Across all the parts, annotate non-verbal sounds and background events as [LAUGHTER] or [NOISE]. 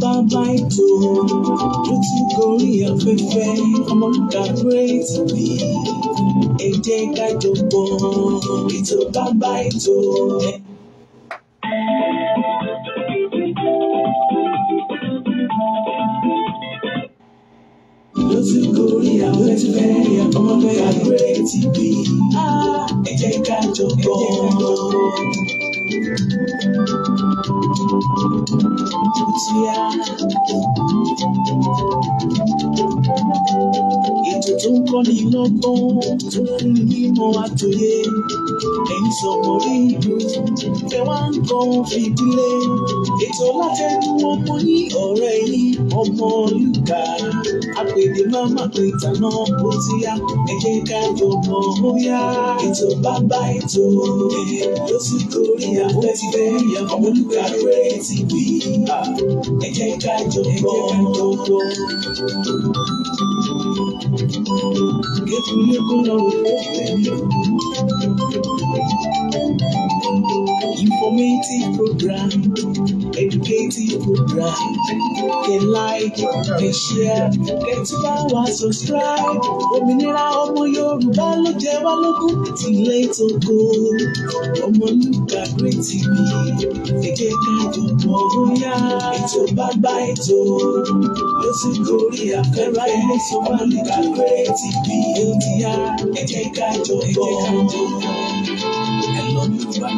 bàbá ètò ló ti gorí afẹ́fẹ́ ọmọ ìdàgbé tìbí ẹ jẹ́ ká jọ gbọ́ ètò bàbá ètò àjẹnu ọmọ ní ọ̀rẹ́ yín ọmọ Olúkà àpèdè mama pè tàná ó ti yá ẹ̀jẹ̀ ká jọ mọ̀ ó yá ètò bàbá ètò ló sì gorí afẹ́fẹ́ ọmọ Olúkà rẹ̀ ti wí ẹ̀jẹ̀ ká jọ mọ̀ ó. Kébùlé kó lọ́rùn ó fẹ́ mi. bright. Kí like, kí share, kẹ́tí bá wa subscribe. Òmìnira ọmọ Yorùbá ló jẹ wá lógún tilé tókó. Ọmọlúgbàgbé TV, èké kájọ mọ̀ bóyá. Ètò bàbá ètò ló ti gorí afẹ́rẹ́. Ètò Òmìnira TV ó yá. Èké kájọ bọ̀. Ẹ lọ ní Yorùbá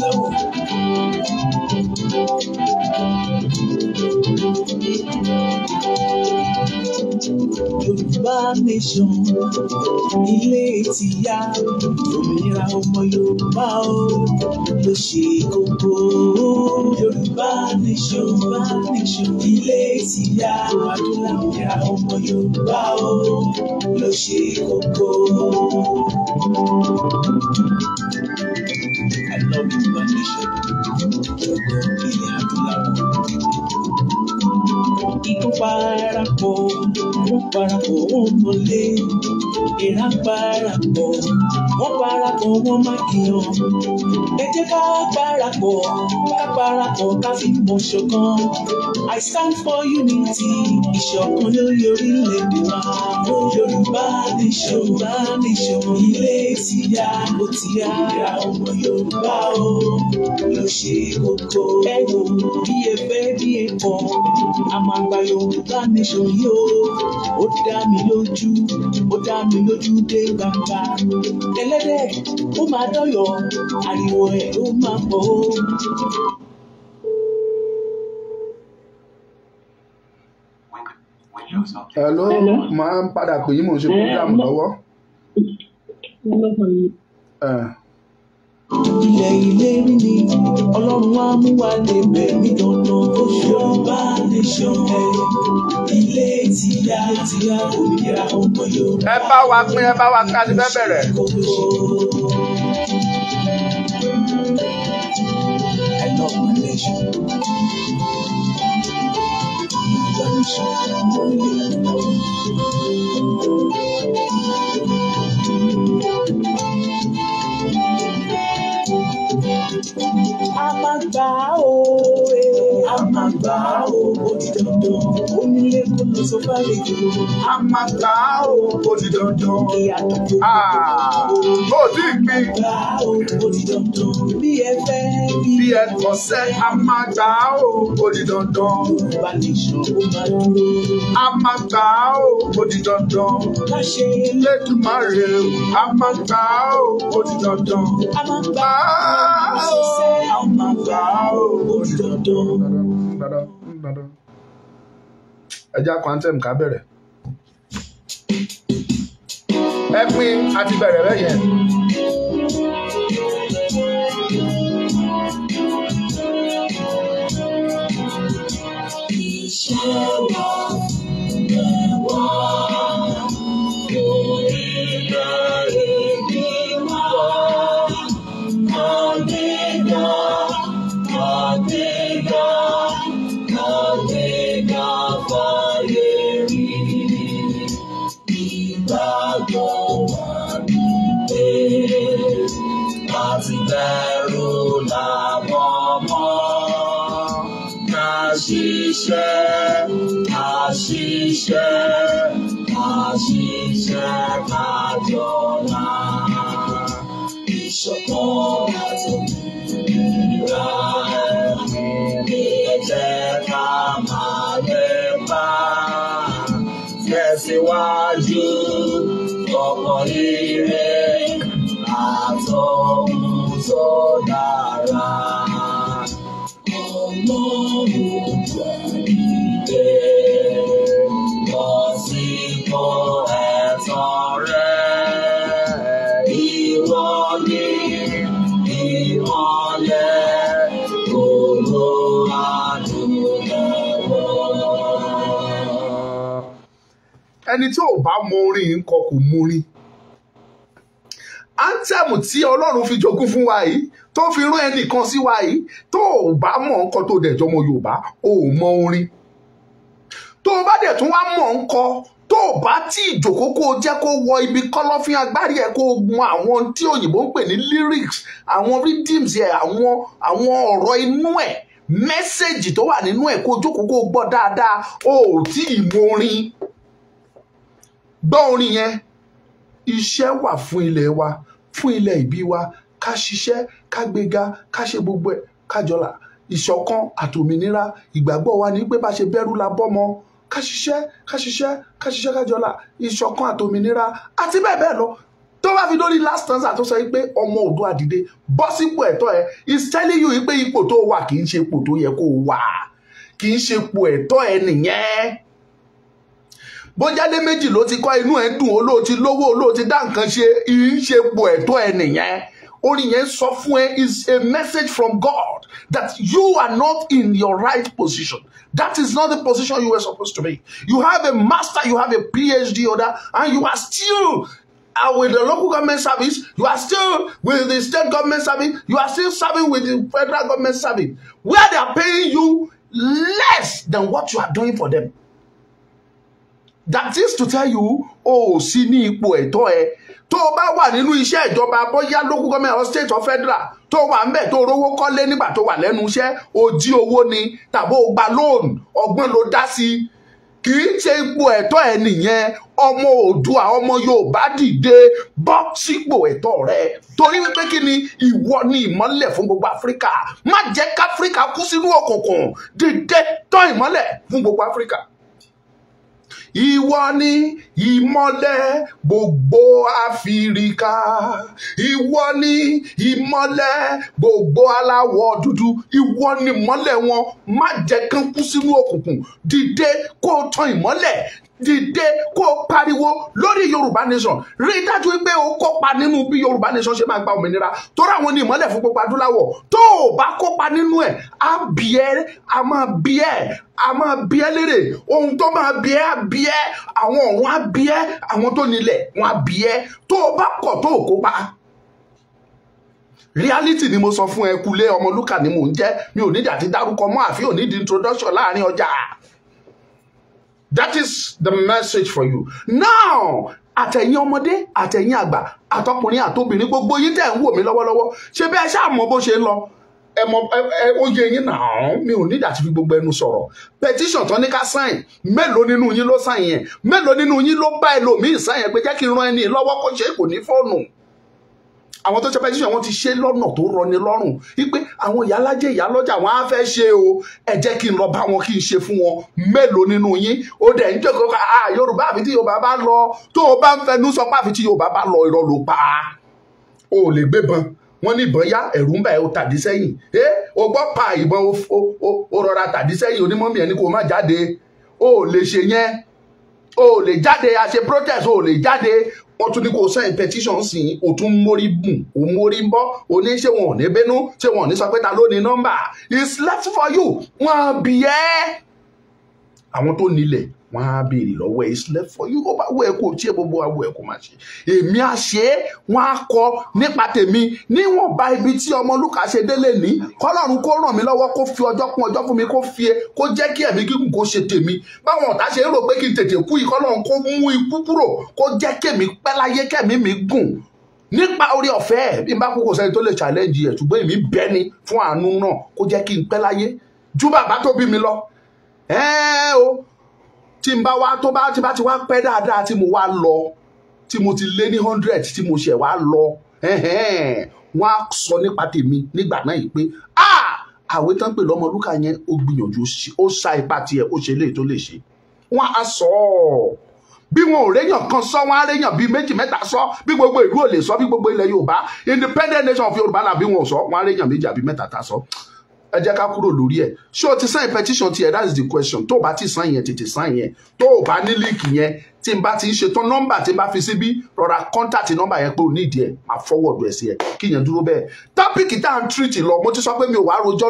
lọ́wọ́. nation ilé ìtìyà òmìnira ọmọ yorùbá o ló ṣe kókó yorùbá nation yorùbá nation ilé ìtìyà òmìnira ọmọ yorùbá o ló ṣe kókó. I love you, my nation. Ilé adúláwọ̀. Ikú parapọ̀, wọ́n parapọ̀, wọ́n mọ̀lé. Ìran parapọ̀, wọ́n parapọ̀, wọ́n má kìyàn. Ẹ jẹ́ ká parapọ̀, ká parapọ̀, ká fi mọ̀ ṣọ̀kan. I stand for unity, ìṣọ̀kan lórí orílẹ̀-èdè wa. Yorùbá ní ṣòwò, ní ṣòwò ilé ti yá, ó ti yá, ìyá ọmọ Yorùbá o ló ṣe kókó. ẹ wò bí ẹ fẹ́ bí ẹ kọ̀ àmàgbà yorùbá nation yóò ó dá mi lójú ó dá mi lójú dé gbangba. ẹlẹ́dẹ̀ ó máa dọ́yọ̀ ariwo ẹ̀ ó máa pọ̀ ó. Hello, máa ń padà pè yín mò ń ṣe program eh, lọ́wọ́. Eh ilẹ̀ ìlérí ni ọlọ́run á mú wa lè bẹ̀ ní dandan ó ṣeun bá lè ṣeun ẹ̀ ilé tìyá tìyá òmìnira ọmọ Yorùbá. ẹ bá wa pín ẹ bá wa ká ti fẹ́ bẹ̀rẹ̀. I love my nation. Yorùbá nation. Amagba ooo. Oh, eh. Amaka o ó di dandan. Onílé kò lọ sọ fáyé jù. A o ó di dandan. Ìyàtọ̀ tó ah, kọ́. Ó ti gbin. Gbà o ó di dandan. Bí ẹ fẹ́ bí ẹ kọ̀ sẹ́, a o ó di dandan. Yorùbá ó máa dúró. A máa o ó di dandan. Ká ṣe Elédùmarè o. A máa gbà o ó di ah, o ó di o ó dandan dandan ẹja kwantem ká bẹ̀rẹ̀ ẹ pín àti bẹ̀rẹ̀ bẹ́ẹ̀ yẹn. Show ṣiṣẹ́ máa ṣiṣẹ́ lájọ náà. Ìṣọ̀kan àti ìlera ẹni jẹ́ ká máa lè bá tẹ̀síwájú ọkọ̀ ire àtọ̀hún tó dára. Ọlọ́run ẹni tí ò bá mọ orin ń kọ kò mú orin áńtẹ̀mù tí ọlọ́run fi jogún fún wa yìí tó fi rán ẹnìkan sí wa yìí tó ò bá mọ̀ ń kọ tó dẹ̀ jọmọ yorùbá ò mọ orin tó o bá dẹ̀ tún wá mọ̀ ń kọ tó o bá tí ìjòkó kó o jẹ́ kó wọ ibi kọ́lọ́fín agbárí ẹ̀ kó o mọ àwọn tí òyìnbó ń pè ní lyrics àwọn rhythms ẹ̀ àwọn àwọn ọ̀rọ̀ inú ẹ̀ mẹ́sẹ̀gì tó wà nínú ẹ̀ kó o jókòó kó o gbọ́ dáadáa o ò tí ì mọ orin gbọ́ orin yẹn iṣẹ́ wà fún ilẹ̀ wa fún ilẹ̀ ìbí wa ká ṣiṣẹ́ ká gbéga ká ṣe gbogbo ẹ̀ kájọlà ìṣọ̀kan àtòmìnira ìgbàgbọ́ wa ní pé bá ṣe bẹ́rù la bọ́mọ ká ṣiṣẹ́ ká ṣiṣẹ́ ká ṣiṣẹ́ kájọlà ìṣọ̀kan àtòmìnira àti bẹ́ẹ̀ bẹ́ẹ̀ lọ tó bá fi dórí last stanza tó sọ pé ọmọ Oòduà dìde bọ́ sípò ẹ̀tọ́ ẹ is telling you pé ipò tó wà kì í ṣe ipò tó yẹ kó wà kì í ṣe ipò ẹ̀tọ́ ẹ nìyẹn. bójálé méjì ló ti kọ́ inú ẹ̀ dùn lówó dá ṣe ẹ̀tọ́ yẹn sọ fún ẹ is a message from God that you are not in your right position that is not the position you were supposed to be you have a master you have a PhD order and you are still uh, with the local government service, you are still with the state government service, you are still serving with the federal government service, where they are paying you less than what you are doing for them. that is to tell you o ò sí ní ipò ẹ̀tọ́ ẹ tó o bá wà nínú iṣẹ́ ìjọba bóyá lókù gọ́mẹ̀ntì or state or federal tó wà ń bẹ̀ tó rówó kọ́lé nígbà tó wà lẹ́nu iṣẹ́ o jí owó ni tàbí o gba loan ọgbọ́n ló dá sí i kì í ṣe ipò ẹ̀tọ́ ẹ nìyẹn ọmọ Oòduà ọmọ Yorùbá dìde bọ́ sípò ẹ̀tọ́ rẹ torí wípé kí ni ìwọ ni ìmọ́lẹ̀ fún gbogbo Áfíríkà má jẹ́ káfíríkà kú sínú òkùnkùn dìde tọ́ ìmọ́lẹ̀ fún gbogbo Africa ìwọ ni ìmọ́lẹ̀ gbogbo áfíríkà ìwọ ni ìmọ́lẹ̀ gbogbo aláwọ̀ dúdú ìwọ ni ìmọ́lẹ̀ wọn má jẹ́ kán kú sínú òkùnkùn dìde kó o tan ìmọ́lẹ̀ dìde kó o pariwo lórí yorùbá nation rí i dájú pé o kópa nínú bí yorùbá nation ṣe máa gba òmìnira torí àwọn ní ìmọ́lẹ̀ fún gbogbo adúláwọ̀ tó o bá kópa nínú ẹ̀ á bì ẹ́ á máa bì ẹ́ á máa bì ẹ́ lérè ohun tó máa bì ẹ́ á bì ẹ́ àwọn ọ̀run á bì ẹ́ àwọn tó nílẹ̀ wọn á bì ẹ́ tó o bá kọ̀ tó o kópa reality ni mo sọ fún ẹ kulé ọmọlúkà ni mò ń jẹ mi ò nídìí àti dárúkọ mọ àfi ò nídìí introduction láàrin ọjà that is the message for you now àtẹ̀yìn ọmọdé àtẹ̀yìn àgbà àtọkùnrin àtobìnrin gbogbo yín tẹ̀ ń wò mí lọ́wọ́lọ́wọ́ ṣé bí ẹ ṣáà mọ bó ṣe ń lọ ẹ mọ ẹ ó yé yín náà mi ò nídàá ti fi gbogbo ẹnu sọ̀rọ̀ petition tán ní ká sáyìn mélòó nínú yín ló sáyìn yẹn mélòó nínú yín ló bá ẹlòmíì sáyìn pé jẹ́ kí n ran ẹni lọ́wọ́ kó ṣe kò ní fóònù àwọn tó ṣe petition wọn ti ṣe lọ́nà tó rọni lọ́rùn wípé àwọn ìyálájẹ ìyálọ́jà wọn á fẹ́ ṣe o ẹ jẹ́ kí n lọ bá wọn kí n ṣe fún wọn mélòó nínú yín ó dẹ̀ ń jòkó ká a ah, yorùbá àfi tí yorùbá bá lọ tó o bá ń fẹnu sọ pé àfi tí yorùbá bá lọ irọ́ ló pa á o ò lè gbébọn wọn ní ìbọn yá ẹ̀rù ń bá ẹ o tàdí sẹ́yìn ẹ o gbọ́ pa ìbọn o rọra tàdí sẹ́yìn onímọ̀mí ẹni kò má jáde o ò lè ṣe yẹn o ò lè jáde a protest o ò lè jáde ó tún ní kó sign petition sí i ó tún mórí bùn ó mórí bọ́ ó ní ṣé wọn ò ní bínú ṣé wọn ò ní sọ pé ta ló ní nọ́mbà it's left for you wọ́n bí ẹ́ àwọn tó nílẹ̀ wọ́n á béèrè lọ́wọ́ ẹ̀ ìsìlẹ̀ fọ́ yìí ó bá wọ ẹ̀kọ́ tí ẹ̀ gbogbo àwọ̀ ẹ̀kọ́ máa ṣe èmi á ṣe é wọ́n á kọ́ nípa tèmi níwọ̀nba ibi tí Ọmọlúkà ṣe délé ní kọ́lọ́run kó ràn mí lọ́wọ́ kó fi ọjọ́ kún ọjọ́ fún mi kó fi e kó jẹ́ kí ẹ̀mí gígùn kó ṣe tèmi báwọn ọ̀tá ṣe rò pé kí n tètè kú ìkọ́lọ́run kó mú ikú kúrò kó jẹ́ kèmí pẹ́ láyé mi gùn nípa orí ọ̀fẹ́ bí n bá kú kò sẹ́ni tó lè challenge ẹ̀ ṣùgbọ́n èmi bẹ́ni fún àánú náà kó jẹ́ kí n pẹ́ láyé mi lọ ẹ́ẹ́ o tí n bá wá tó bá tí bá ti wá pẹ́ dáadáa tí mo wá lọ tí mo ti lé ní hundred tí mo ṣẹ̀ wá lọ wọ́n á sọ nípa tèmi nígbà náà yìí pé àwé tán pè lọ́mọ lúkà yẹn ó gbìyànjú ó sa ipa tiẹ̀ ó ṣe léyìí tó lè ṣe wọ́n á sọ ọ́ bí wọn ò réyàn kan sọ wọn á réyàn bíi méjì mẹ́ta sọ bí gbogbo ìlú ò lè sọ bí gbogbo ilẹ̀ Yorùbá independent nation of Yorùbá là bí wọn ò sọ wọn á réyàn méjì àbí mẹ́ta ta sọ ẹ jẹ́ ká kúrò lórí ẹ̀ ṣé o ti sign petition tiẹ̀ that is the question tó o bá ti sign yẹn tètè sign yẹn tó o bá ní líìkì yẹn tí n bá ti ń ṣetán nọ́mbà tí n bá fi síbí rọra contact nọ́mbà yẹn pé o ní ìdí ẹ̀ máa forward ẹ̀ sí ẹ̀ kí yẹn dúró bẹ́ẹ̀ tápìkì tá à ń treat lọ mo ti sọ pé mi ò wá rojọ́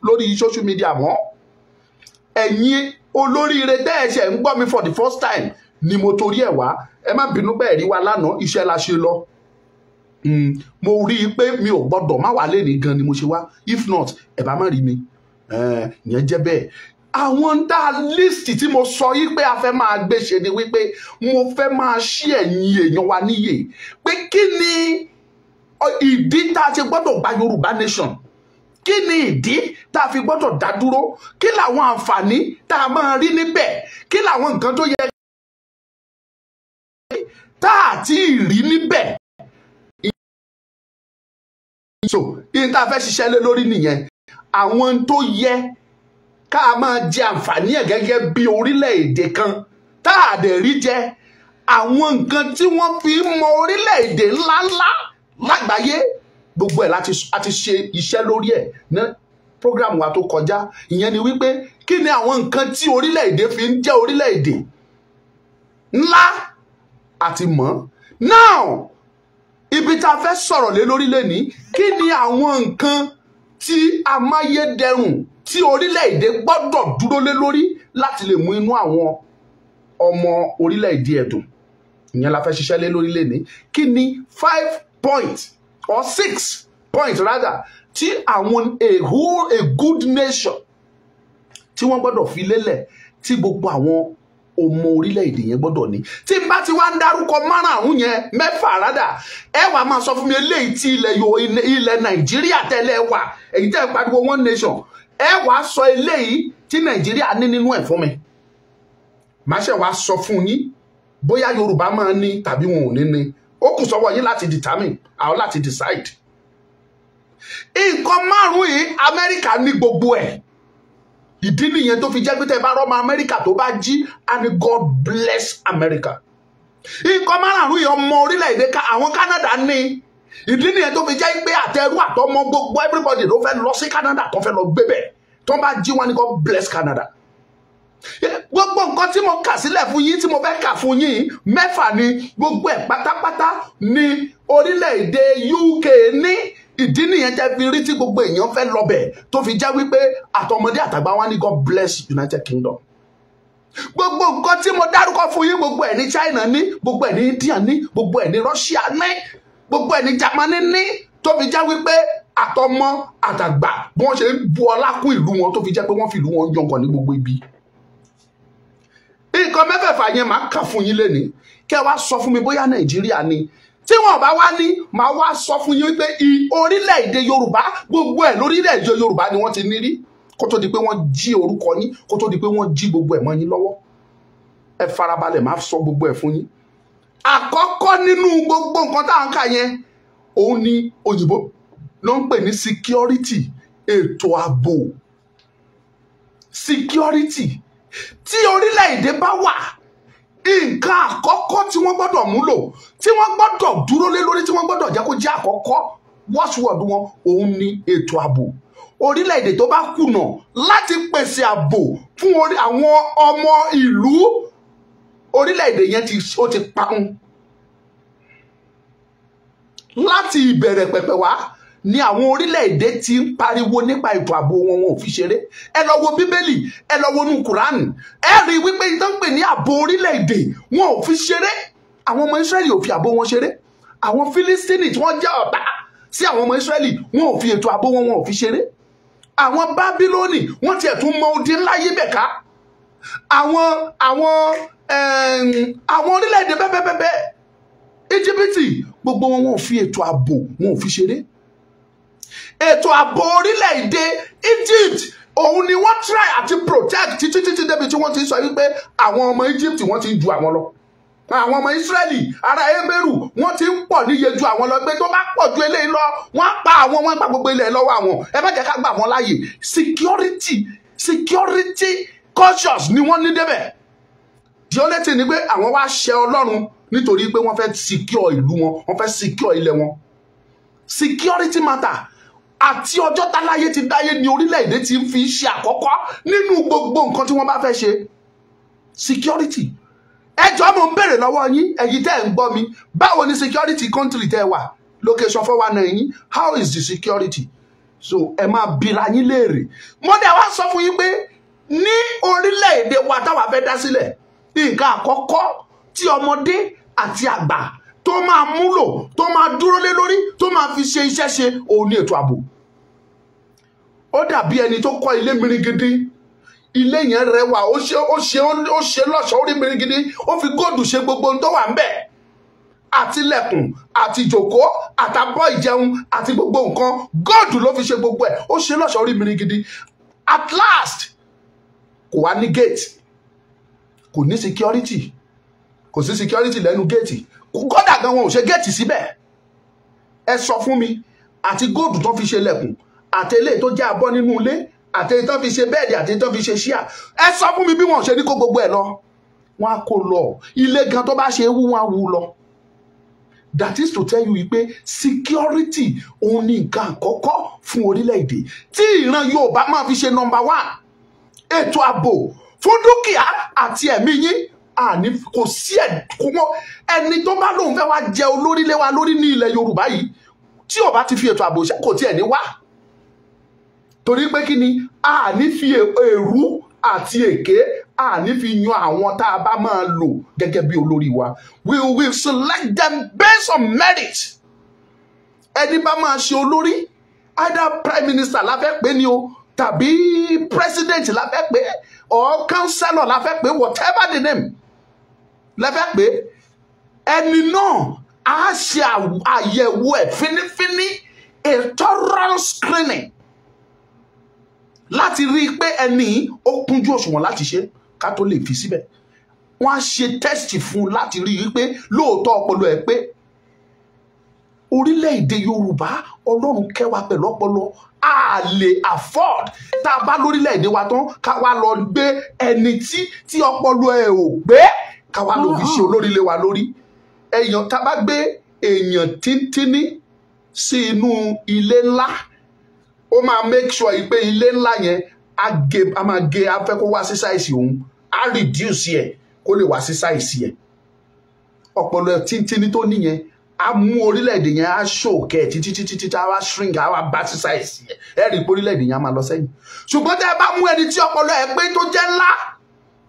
lórí social media mọ́ ẹ̀yin olóríire tẹ́ ẹ ṣe ń gbọ́ mi for the first time ni mo torí ẹ̀ wá ẹ má bínú pé ẹ̀rí wa lánàá iṣẹ́ la ṣe lọ Mm, mo rí i pé mi ò gbọ́dọ̀ má wà lẹ́ni gan ni mo ṣe wá if not ẹ̀ bá má rí mi eh, ìyẹn jẹ́ bẹ́ẹ̀ àwọn dá líìsì tí mo sọ yí pé a fẹ́ máa gbé ṣe ni wípé mo fẹ́ máa ṣí ẹ̀yìn èèyàn wa níyè pé kí ni ìdí tá a ti gbọ́dọ̀ gba Yorùbá nation kí ni ìdí tá a fi gbọ́dọ̀ dá dúró kí làwọn àǹfààní tá a máa rí níbẹ̀ kí làwọn nǹkan tó yẹ tá a ti rí níbẹ̀ so yìí tá a fẹ́ ṣiṣẹ́ lé lórí nìyẹn àwọn tó yẹ ká máa jẹ àǹfààní ẹ̀ gẹ́gẹ́ bí orílẹ̀-èdè kan tá a dẹ̀ rí jẹ àwọn nǹkan tí wọ́n fi ń mọ orílẹ̀-èdè ńláńlá lágbàáyé gbogbo ẹ̀ láti ṣe iṣẹ́ lórí ẹ̀ ní program wa tó kọjá ìyẹn ni wípé kí ni àwọn nǹkan tí orílẹ̀-èdè fi ń jẹ́ orílẹ̀-èdè ńlá àti mọ́ now ibi tá a fẹ́ sọ̀rọ̀ lé lórí lé ní kí ni àwọn nǹkan tí amáyédẹrùn tí orílẹ̀-èdè gbọ́dọ̀ dúró lé lórí láti lè mú inú àwọn ọmọ orílẹ̀-èdè ẹ̀dùn ìyẹn la fẹ́ ṣiṣẹ́ lé lórí lé ní kí ni five points or six points rather tí àwọn a whole a good nation tí wọ́n gbọ́dọ̀ fi lélẹ̀ tí gbogbo àwọn ọmọ orílẹ̀-èdè yẹn gbọ́dọ̀ ni tí n bá ti wá ń dárúkọ márààrún yẹn mẹ́fà rádà ẹ wàá máa sọ fún mi eléyìí tí ilẹ̀ yòó ilẹ̀ nàìjíríà tẹ́lẹ̀ wà èyí tẹ́ ẹ pariwo one nation ẹ wàá sọ eléyìí tí nàìjíríà ní nínú ẹ̀ fún mi màá ṣe wàá sọ fún yín bóyá yorùbá máa ní tàbí wọn ò ní ní ó kù sọ́wọ́ yín láti determine àwọn láti decide nǹkan márùn-ún yìí amẹ́ríkà ní gbogbo ẹ̀ ìdí nìyẹn tó fi jẹ́ pé tẹ́ bá rọ́mọ amẹ́ríkà tó bá jí and god bless america nǹkan márààrún yìí ọmọ orílẹ̀-èdè àwọn canada ní ìdí nìyẹn tó fi jẹ́ pé àtẹrú àtọmọ gbogbo everybody ló fẹ́ lọ sí canada tó fẹ́ lọ gbé bẹ̀ tó bá jí wọn ni god bless canada gbogbo nǹkan tí mo kà sílẹ̀ fún yín tí mo fẹ́ kà fún yín mẹ́fà ni gbogbo ẹ̀ pátápátá ni orílẹ̀-èdè uk ní ìdí nìyẹn jẹ́ fi rí tí gbogbo èèyàn fẹ́ lọ́bẹ̀ tó fi já wípé àtọmọdé àtàgbà wọn ní God bless United Kingdom gbogbo nǹkan tí mo dárúkọ fún yín gbogbo ẹ̀ ní China ní gbogbo ẹ̀ ní India ní gbogbo ẹ̀ ní Russia ní gbogbo ẹ̀ ní Germany ní tó fi já wípé àtọmọ àtàgbà bí wọ́n ṣe ń bu ọlá kún ìlú wọn tó fi jẹ́ pé wọ́n fi ìlú wọn yọǹkan ní gbogbo ibi nǹkan mẹ́fẹ̀ẹ̀fà yẹn máa ń kà fún yín lénìí kẹ́ wá sọ fún mi bóyá Nàìjíríà ni tí wọn bá wá ní màá wá sọ fún yín pé orílẹ̀-èdè yorùbá gbogbo ẹ̀ lórílẹ̀-èdè yorùbá ni wọ́n ti ní rí kó tó di pé wọ́n jí orúkọ yín kó tó di pé wọ́n jí gbogbo ẹ̀ mọ́ yín lọ́wọ́ ẹ farabalẹ̀ máa sọ gbogbo ẹ̀ fún yín àkọ́kọ́ nínú gbogbo nǹkan tá à ń kà yẹn òun ni òyìnbó ló ń pè ní security ètò ààbò security tí orílẹ̀-èdè bá wà nǹkan àkọ́kọ́ tí wọ́n gbọ́dọ̀ múlò tí wọ́n gbọ́dọ̀ dúró lé lórí tí wọ́n gbọ́dọ̀ jẹ́ kó jẹ́ àkọ́kọ́ wọ́ṣùwọ̀dù wọn òun ni ètò ààbò orílẹ̀-èdè tó bá kùnà láti pèsè ààbò fún àwọn ọmọ ìlú orílẹ̀-èdè yẹn ó ti parun láti ìbẹ̀rẹ̀ pẹ̀pẹ̀ wá ni àwọn orílẹ̀-èdè ti ń pariwo nípa ètò ààbò wọn wọn ò fi ṣeré ẹ lọ wo bíbélì ẹ lọ wo nu kùránì ẹ rí i wípé ìtàn pè ní ààbò orílẹ̀-èdè wọn ò fi ṣeré àwọn ọmọ Ísírẹ́lì ò fi ààbò wọn ṣeré àwọn Fílístínì tí wọ́n jẹ́ ọ̀tá sí àwọn ọmọ Ísírẹ́lì wọn ò fi ètò ààbò wọn wọn ò fi ṣeré àwọn Bábílónì wọ́n tiẹ̀ tún mọ odi ńlá yí bẹ̀ ká àwọn àwọn àwọn orílẹ̀-èdè bẹ́ẹ̀ bẹ́ẹ̀ bẹ́ẹ̀ ètò ààbò orílẹ̀-èdè Egypt òun ni wọ́n try àti protect títí títí débi tí wọ́n ti sọ wípé àwọn ọmọ Egypt wọ́n ti ju àwọn lọ àwọn ọmọ Ísírẹ́lì ará Émérù wọ́n ti ń pọ̀ níye ju àwọn lọ pé tó bá pọ̀ ju eléyìí lọ wọ́n á pa àwọn wọ́n á gba gbogbo ilẹ̀ lọ́wọ́ àwọn ẹ má jẹ́ ká gbà wọ́n láàyè security security conscious ni wọ́n ní débẹ̀ di ó létí ni pé àwọn wá ṣe Ọlọ́run nítorí pé wọ́n fẹ́ secure ìlú wọn wọ́n fẹ́ secure ilẹ̀ wọn security matter àti ọjọ́ táláyé ti dáyé ni orílẹ̀-èdè ti fi ṣe àkọ́kọ́ nínú gbogbo nǹkan tí wọ́n bá fẹ́ ṣe security ẹjọ́ mo ń béèrè lọ́wọ́ yín ẹ̀yin tẹ́ ẹ̀ ń gbọ́ mi báwo ni security country tẹ́ wà location four one nine yín how is the security so ẹ máa bira yín léèrè mo dẹ̀ wá sọ fún yín pé ní orílẹ̀-èdè wa táwa fẹ́ dá sílẹ̀ nǹkan àkọ́kọ́ tí ọmọdé àti àgbà tó máa múlò tó máa dúró lé lórí tó máa fi ṣe iṣẹ́ ṣe òun ní ètò ààbò ó dàbí ẹni tó kọ́ ilé mìrìngidi ilé yẹn rẹwà ó ṣe ó ṣe ó ṣe lọ́ṣọ̀ọ́ orí mìrìngidi ó fi góòdù ṣe gbogbo ohun tó wà ń bẹ̀ àti lẹ̀kùn àti ìjòkó àtàbọ̀ ìjẹun àti gbogbo nǹkan góòdù ló fi ṣe gbogbo ẹ̀ ó ṣe lọ́ṣọ̀ọ́ orí mìrìngidi at last kò wá ní gate kò ní security kò sí security lẹ́nu gate kódà gan wọn ò ṣe géètì síbẹ̀ ẹ sọ fún mi àti góòdù tó fi ṣe lẹ̀kùn àti eléyìí tó jẹ́ abọ́ nínú ilé àti èyí tó fi ṣe bẹ́ẹ̀dì àti èyí tó fi ṣe ṣíà ẹ sọ fún mi bí wọn ò ṣe ní kó gbogbo ẹ lọ wọn á kó lọ ilé gan tó bá ṣe wú wọn á wú lọ that is to tell you wípé security òun ni nǹkan àkọ́kọ́ fún orílẹ̀-èdè tí ìran Yorùbá máa fi ṣe number one ètò ààbò fún dúkìá àti ẹ̀mí yín àní kò sí ẹ̀kúnmọ́ ẹni tó bá lóun fẹ́ wá jẹ olórí wa lórí ní ilẹ̀ yorùbá yìí tí ó ti fi ètò ààbò kò tiẹ̀ ní wá torí pé kí ni àní fi èrú àti èké àní fi yan àwọn tá a bá máa lò gẹ́gẹ́ bí olórí wa we will select them based on merit ẹni bá máa ṣe olórí either prime minister la fẹ́ pè ni o tàbí president la fẹ́ pè or councillor la fẹ́ pè whatever the name lẹ́fẹ́ pé ẹni náà á ṣe àyẹ̀wò ẹ̀ fínífíní a thorough screening láti rí i pé ẹni ó kúnjú òṣùwọ̀n láti ṣe ká tó lè fi síbẹ̀ wọ́n á ṣe tẹ́sítì fún un láti rí i pé lóòótọ́ ọpọlọ ẹ̀ pé orílẹ̀-èdè yorùbá ọlọ́run kẹwàá pẹ̀lú ọpọlọ a lè afford tá a bá lórílẹ̀-èdè wa tán ká wá lọ gbé ẹni tí tí ọpọlọ ẹ̀ ò gbé káwa ló fi ṣe olórí lé wa lórí èèyàn tá a bá gbé èèyàn tíntínní sí inú ilé ńlá ó máa make sure pé ilé ńlá yẹn a gé a máa gé a fẹ́ kó wá sí ṣáìsì òun a reduce ẹ̀ kó lè wá sí ṣáìsì ẹ̀ ọpọlọ tíntínní tó níyẹn a mú orílẹ̀-èdè yẹn a ṣòkè títí títí títí a wá shrink a wá bá sí ṣáìsì ẹ̀ ẹ̀ rí i pé orílẹ̀-èdè yẹn a máa lọ sẹ́yìn ṣùgbọ́n tẹ́ ẹ bá mú ẹni tí ọpọlọ ẹ̀ pé tó jẹ́ ńlá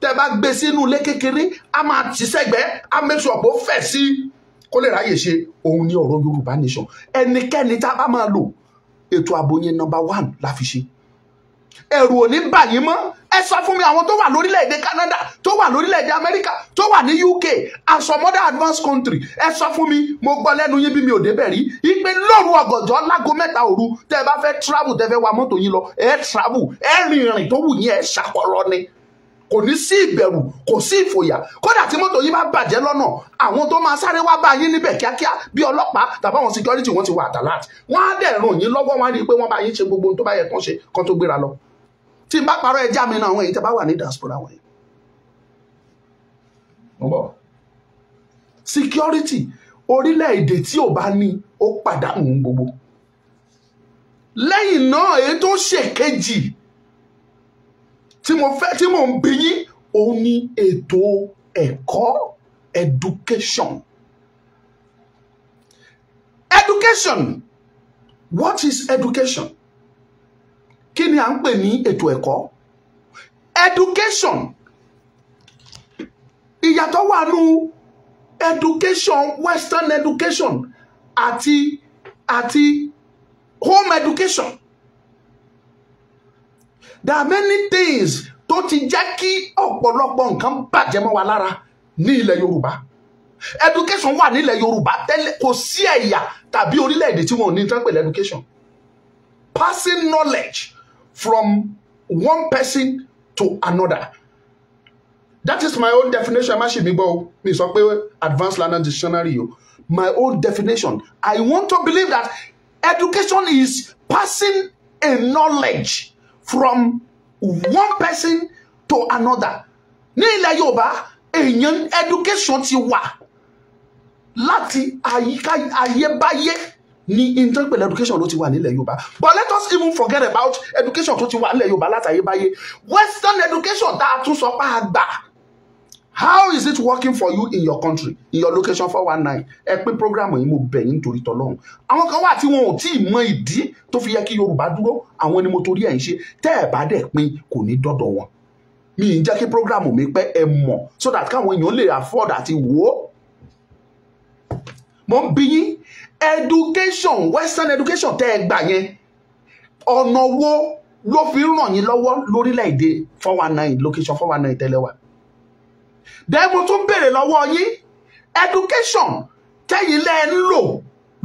tẹ́ bá gbé sínú ilé kékeré a máa tì sẹ́gbẹ́ a make sure pé ó fẹ̀ sí kó lè ráyè ṣe òun ní ọ̀rọ̀ Yorùbá nation ẹnikẹ́ni tá a bá máa lò ètò ààbò yẹn nọ́mbà one la fi ṣe ẹ̀rù ò ní bà yín mọ́ ẹ sọ fún mi àwọn tó wà lórílẹ̀‐èdè Canada tó wà lórílẹ̀‐èdè America tó wà ní UK and some other advanced country ẹ sọ fún mi mo gbọ́ lẹ́nu yín bí mi ò débẹ̀ rí ipe lóru ọ̀gànjọ́ lágo mẹ́ta òru tẹ́ ẹ bá fẹ́ travel tẹ́ fẹ́ wa mọ́tò yín lọ ẹ travel ẹ rìnrìn tó wù yín ẹ ṣàkọrọ ni kò ní sí ìbẹ̀rù kò sí ìfòyà kódà tí mọ́tò yìí bá bàjẹ́ lọ́nà àwọn tó máa sáré wá bá yín níbẹ̀ kíákíá bí ọlọ́pàá tàbí àwọn security wọn ti wà àtàláàtì wọ́n á dẹ̀ ràn yín lọ́wọ́ wọn á rí i pé wọ́n bá yín ṣe gbogbo ohun tó bá yẹ kán ṣe kán tó gbéra lọ tí n bá parọ́ ẹja mi náà àwọn èyí tẹ́ bá wà ní diaspora wọ̀nyí. security orílẹ̀-èdè tí ò bá ní ó pàdánù gbogbo lẹ́yìn náà èyí tó ṣèkejì tí mo fẹ́ tí mò ń bi yín òun ni ètò ẹ̀kọ́ education education what is education kí ni à ń pè ní ètò ẹ̀kọ́ education ìyàtọ̀ wà nù education western education àti àti home education there are many things tó ti jẹ́ kí ọ̀pọ̀lọpọ̀ nǹkan bàjẹ́ mọ́ wa lára ní ilẹ̀ yorùbá education wà nílẹ̀ yorùbá tẹ́lẹ̀ kò sí ẹ̀yà tàbí orílẹ̀-èdè tí wọn ò ní tán pẹ̀lú education passing knowledge from one person to another that is my own definition má ṣe mi gbọ́ o mi sọ pé advanced learner dictionary o my own definition i want to believe that education is passing a knowledge from one person to another ní ilẹ̀ yorùbá èèyàn education ti wà láti àyíká ayébáyé ní interpel education ló ti wà nílẹ̀ yorùbá but let us even forget about education tó ti wà nílẹ̀ yorùbá láti ayébáyé western education tá a tún sọ pé a how is it working for you in your country in your location four one nine ẹ pín programu yìí mo bẹ̀ yín torí tọ́lọ́run àwọn kan wà tí wọn ò tí ì mọ ìdí tó fi yẹ kí yorùbá dúró àwọn ni mo torí ẹ̀ ń ṣe tẹ́ ẹ̀ bá dẹ̀ pín kò ní dọ́dọ̀ wọn mi ì jẹ́ kí programu mi pẹ́ ẹ mọ̀ so that káwọn èèyàn lè afford àti wò ó mo ń bi yín education western education tẹ́ ẹ gbà yẹn ọ̀nà wo ló fi ń ràn yín lọ́wọ́ lórílẹ̀‐èdè four one nine location four one nine tẹ́lẹ̀ wà dẹ́mu tún béèrè lọ́wọ́ yín education tẹ́yìn lẹ́ ń lò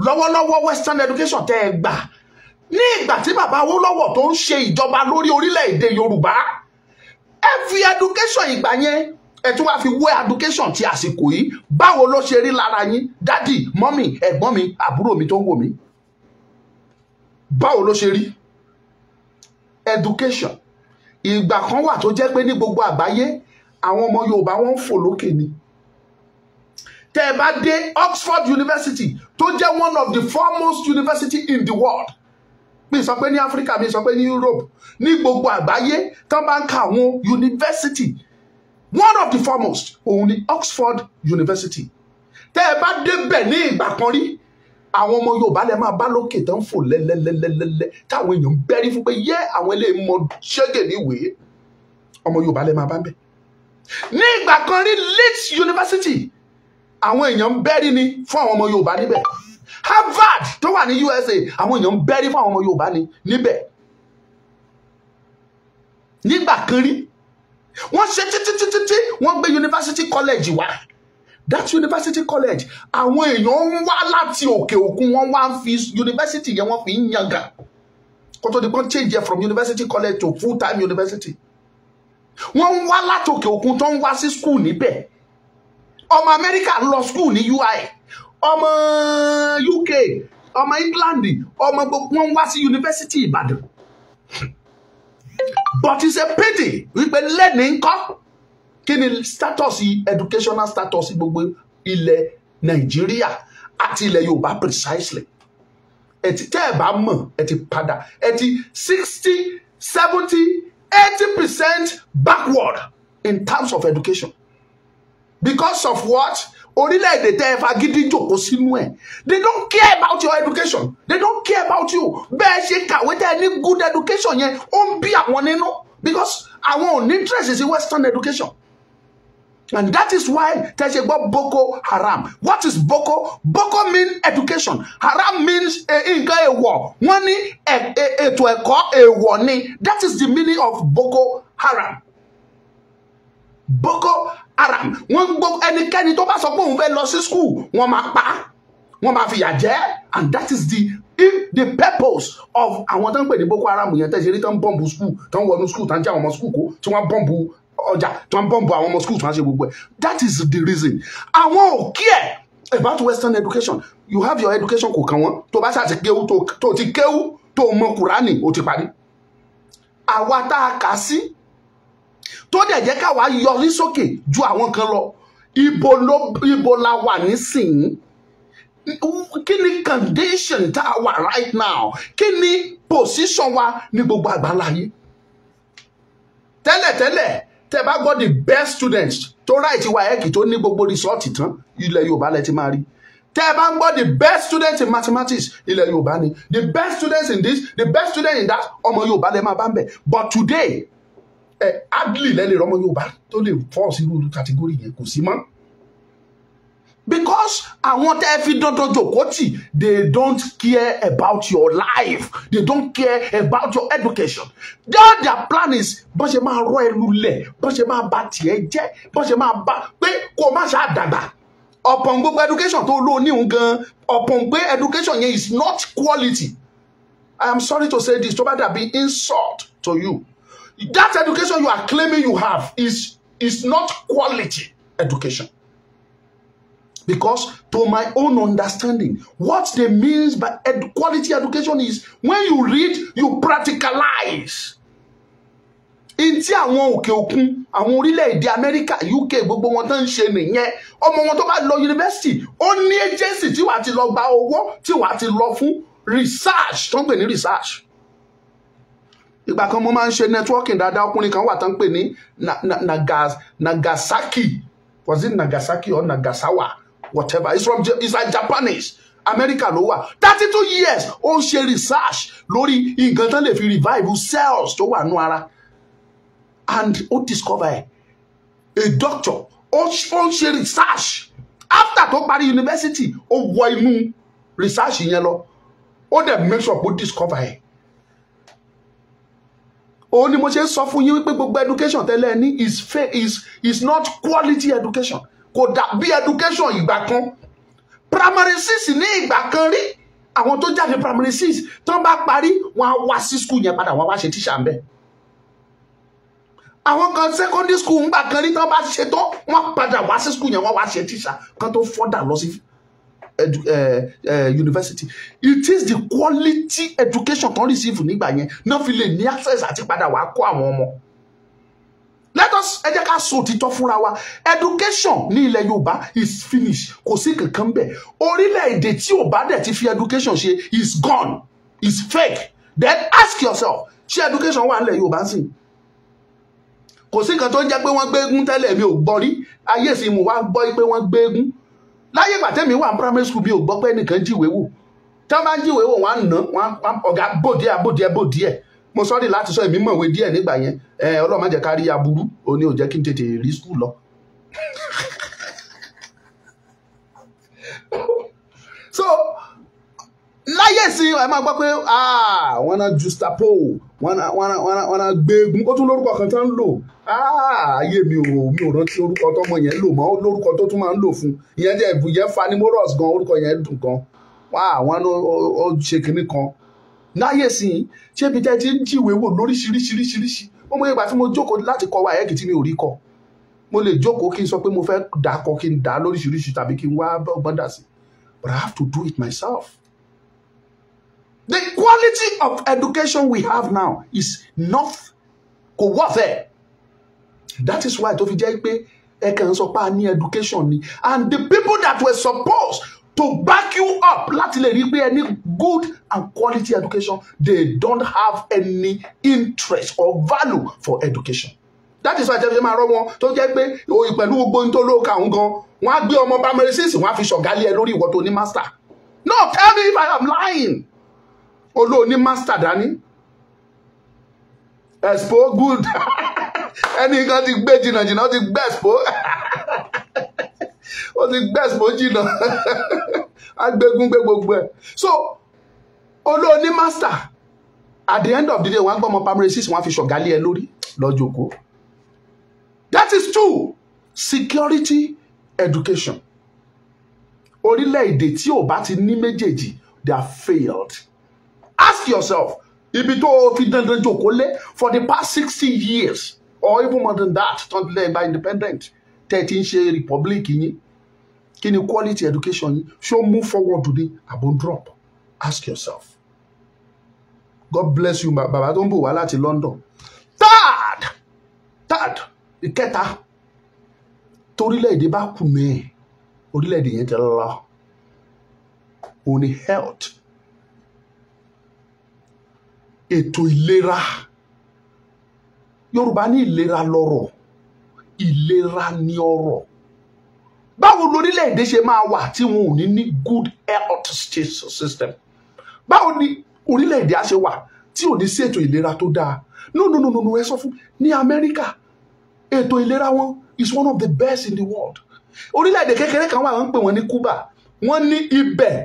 lọ́wọ́lọ́wọ́ western education tẹ́ ẹ gbà ní ìgbà tí bàbá Awólọ́wọ̀ tó ń ṣe ìjọba lórí orílẹ̀-èdè Yorùbá ẹ fi education ìgbà yẹn ẹ tún wáá fi wé education ti àsìkò yìí báwo ló ṣe rí lára yín dádì mọ́mì ẹ̀gbọ́n mi àbúrò mi tó ń wò mí báwo ló ṣe rí education ìgbà kan wà tó jẹ́ pé ní gbogbo àgbáyé àwọn ọmọ Yorùbá wọn ń fò lókè ni tẹ́ ẹ bá dé Oxford University tó jẹ́ one of the foremost university in the world mi sọ pé ní Africa mi sọ pé ní Europe ní gbogbo àgbáyé tán bá ń ka àwọn university one of the foremost òun ni Oxford University tẹ́ ẹ bá débẹ̀ ní ìgbà kan rí àwọn ọmọ Yorùbá lè máa bá lókè tán fò lẹ́lẹ́lẹ́lẹ́lẹ́ táwọn èèyàn ń bẹ́rí fún pé yé àwọn eléyìí mọ ṣẹ́gẹ̀ níwèé ọmọ Yorùbá lè máa bá ń bẹ̀ ní ìgbà kan rí Leeds University àwọn èèyàn bẹ́rí ni fún àwọn ọmọ Yorùbá níbẹ̀ Harvard tó wà ní USA àwọn èèyàn ń bẹ́rí fún àwọn ọmọ Yorùbá níbẹ̀ nígbà kan rí wọ́n ṣe títí wọ́n gbé University College wá that University College àwọn èèyàn ń wá láti òkè òkun wọ́n wá fi University yẹn wọ́n fi ń yangàn kó tó di pé wọ́n change from University College to full time University wọ́n ń wá látòkè òkun tó ń wá sí skul níbẹ̀ ọmọ amẹ́ríkà lọ skul ní ui ọmọ uk ọmọ england ọmọ gbogbo wọn ń wá sí yunifásitì ìbàdàn but it's a pity wípé lẹ́ni ńkọ́ kí ni status educational status gbogbo ilẹ̀ nàìjíríà àti ilẹ̀ yorùbá precisely ẹ ti tẹ́ ẹ bá mọ̀ ẹ ti padà ẹ ti sixty seventy 80% backward in terms of education because of what orílẹ̀-èdè tẹ́ ẹ fagídí jòkó sínú ẹ̀ they don't care about your education they don't care about you bẹ́ẹ̀ ṣe kàwé tẹ́ ẹ ní good education yẹn ó ń bí àwọn nínú because àwọn ò ní interest sí western education And that is why a word Boko Haram. What is Boko? Boko means education. Haram means eh, nǹkan èèwọ̀. Wọ́n ní ètò ẹ̀kọ́ èèwọ̀ ni. That is the meaning of Boko Haram. Boko Haram. When gbọ́ ẹnikẹ́ni tó bá sọ pé òun school, wọ́n máa pa á. Wọ́n máa And that is the if the purpose of I want to pè ní Boko Haram yẹn Tẹ́ṣe rí tó ń bọ̀m̀bù school, Don't ń to school, Don't ń jẹ́ school kó, tí wọ́n bọ̀m̀bù ọjà tó ń bọ̀m̀bọ̀ àwọn ọmọ school tó ń ṣe gbogbo ẹ̀ that is the reason àwọn ò kí about western education you have your education kò kàn wọ́n tó bá ṣàti kéwú tó ti kéwú tó mọ kùránì ó ti parí àwa tá a kà sí tó dẹ̀ jẹ́ káwa yọrí sókè ju àwọn kan lọ ibo ló ibo la wà nísìnyí kí ni condition tá a wà right now kí ni position wa ní gbogbo àgbáńlá yìí tẹ́lẹ̀tẹ́lẹ̀ tẹ́ bá gbọ́ the best students tó ráìtì WAEC tó ní gbogbo rìsọ́ọ̀tì tán ilẹ̀ Yorùbá lẹ ti máa rí tẹ́ bá gbọ́ the best students in mathematics ilẹ̀ Yorùbá ni the best students in this the best student in that ọmọ Yorùbá lẹ máa bá ń bẹ̀ but today ẹ eh, adley lẹ́lẹ̀ rọmọ Yorùbá tó lè fọ́ọ̀sì irú category yẹn kò sí mọ́ because àwọn tẹ́ fi dandan jòkó tì they don't care about your life they don't care about your education That their plan is bọ́n ṣe máa rọ ẹnu lẹ̀ bọ́n ṣe máa bà tiẹ̀ jẹ́ bọ́n ṣe máa bà pé kó má ṣáà dàgbà ọ̀pọ̀n gbogbo education tó lò níhùn gan ọ̀pọ̀n gbé education yẹn is not quality i am sorry to say this tó bá dàbí insult to you that education you are claiming you have is is not quality education because to my own understanding what they means by ed quality education is when you read you practicalize in ti àwọn òkè òkun àwọn orílẹ̀-èdè America uk gbogbo wọn tó ń ṣe nìyẹn ọmọ wọn tó bá lọ yunifásitì ó ní agency tí wàá ti lọ gba owó tí wàá ti lọ fún research tó ń pè ní research ìgbà kan mo máa ń ṣe networking dáadáa ọkùnrin kan wà tó ń pè ní nagasaki was it nagasaki or nagasawa whatever it's from it's like Japanese America ló wà thirty two years ó ń ṣe research lórí nǹkan tán lè fi revive cells tó wà nú ara and ó discover ẹ a doctor ó ń ṣe research after tó parí university ó wọ inú research yẹn lọ ó dẹ̀ make sure ó discover ẹ̀ òun ni mo ṣe sọ fún yín wípé gbogbo education tẹ́lẹ̀ ní is fair is is not quality education kò dà bí education ìgbà kan primary six ní ìgbà kan rí àwọn tó jáde primary six tán bá parí wọn á wá sí school yẹn padà wọn wá ṣe tíṣà ń bẹ àwọn kan secondary school ń gbà kan rí tán bá ṣe tán wọn padà wá sí school yẹn wọn wá ṣe tíṣà kan tó fọ́dà lọ sí eh, eh, university it is the quality education tó ń receive nígbà yẹn náà fi lè ní access àti padà wàá kó àwọn ọmọ let us ẹ jẹ́ ká sọ òtítọ́ fúnra wa education ní ilẹ̀ Yorùbá is finished kò sí kankan bẹ́ẹ̀ orílẹ̀-èdè tí ò bá dẹ̀ ti fi education ṣe is gone is fake then ask yourself ṣé education wà nílẹ̀ Yorùbá sí kò sí kan tó ń jẹ́ pé wọ́n gbégún tẹ́lẹ̀ mi ò gbọ́ rí ayé sì mú wa gbọ́ pé wọ́n gbégún láyé ìgbà tẹ́mi wà ní primary school mi ò gbọ́ pé ẹnìkan jíwèé wò tí wọ́n bá ń jíwèé wò wọ́n á ná wọ́n á ọ̀gá bòdìẹ́ àbòdìẹ́ bòdìẹ́ mo sọ́rí láti sọ èmi mọ̀wé díẹ̀ nígbà yẹn ọlọ́run má jẹ́ ká rí aburú òní ò jẹ́ kí n tètè rí skul lọ. [LAUGHS] so láyé sí ẹ máa gbọ́ pé ah, wọ́n á justapo wọ́n á gbẹ́gun ó tún lórúkọ kan tó ń lò ah, ayé mi ò mi ò rántí orúkọ tọmọ yẹn lò mọ́ lórúkọ tó tún máa ń lò fún ìyẹn jẹ́ ìbùyẹn fanimorous gan orúkọ yẹn dùn gan wọ́n á ṣe kinní kan láyè sí i ṣé ibi tẹ́ ti ń jíwèé wò lóríṣiríṣiríṣiríṣi mo mọ ìgbà tí mo jókòó láti kọ wa ẹ̀ẹ́kì tí mi ò rí kọ mo lè jókòó kí n sọ pé mo fẹ́ dà kọ kí n dà lóríṣiríṣi tàbí kí n wá ọgbọ́n dà sí but I have to do it myself. The quality of education we have now is not kò wọ́fẹ̀ that is why tó fi jẹ́ pé ẹ kàn sọ pé a ní education ni and the people that were supposed to back you up láti lè rí pé ẹni good and quality education they don't have any interest or value for education that is why jẹ́ fi máa rọ́ wọn tó jẹ́ pé òyìn pẹ̀lú gbogbo ní tó ló ka òun gan wọ́n á gbé ọmọ primary six wọ́n á fi ṣọ̀gálí ẹ lórí ìwọ tó ní master no tell me if i am lying olóòní master dání expo good [LAUGHS] ẹnì kan ti gbé jìnnàjìnnà ó ti gbé expo [LAUGHS] ó ti gbẹ́s méjì náà agbégún gbé gbogbo ẹ̀ so olóòní master at the end of the day wọ́n á gbọ́ ọmọ primary six wọ́n á fi ṣọ̀gálẹ̀ ẹ lórí lọ́jọ́ that is true security education orílẹ̀-èdè tí ò bá ti ní méjèèjì they are failed ask yourself ibi tó o fi dandan jòkó lé for the past sixty years or even more than that tó ń tilẹ̀ gba independent tẹ́ ẹ ti ń ṣe republic yín kí ni quality education yín ṣó move forward ni àbò drop ask yourself God bless you bàbá tó ń bọ̀ wá láti London third third ìkẹta torílẹ̀-èdè bá kù mẹ́ẹ̀ orílẹ̀-èdè yẹn ti lọ òun ni health ètò ìlera Yorùbá ní ìlera lọ́rọ̀ ìlera ni ọrọ̀ báwo lórílẹ̀‐èdè ṣe máa wà tí wọn ò ní ní good health system báwo ni orílẹ̀‐èdè á ṣe wà tí ò ní sí ètò ìlera tó dáa no no no ẹ sọ fún ní Amẹ́ríkà ètò ìlera wọn is one of the best in the world orílẹ̀-èdè kékeré kan wà wọ́n ń pè wọ́n ní Cuba wọ́n ní ibẹ̀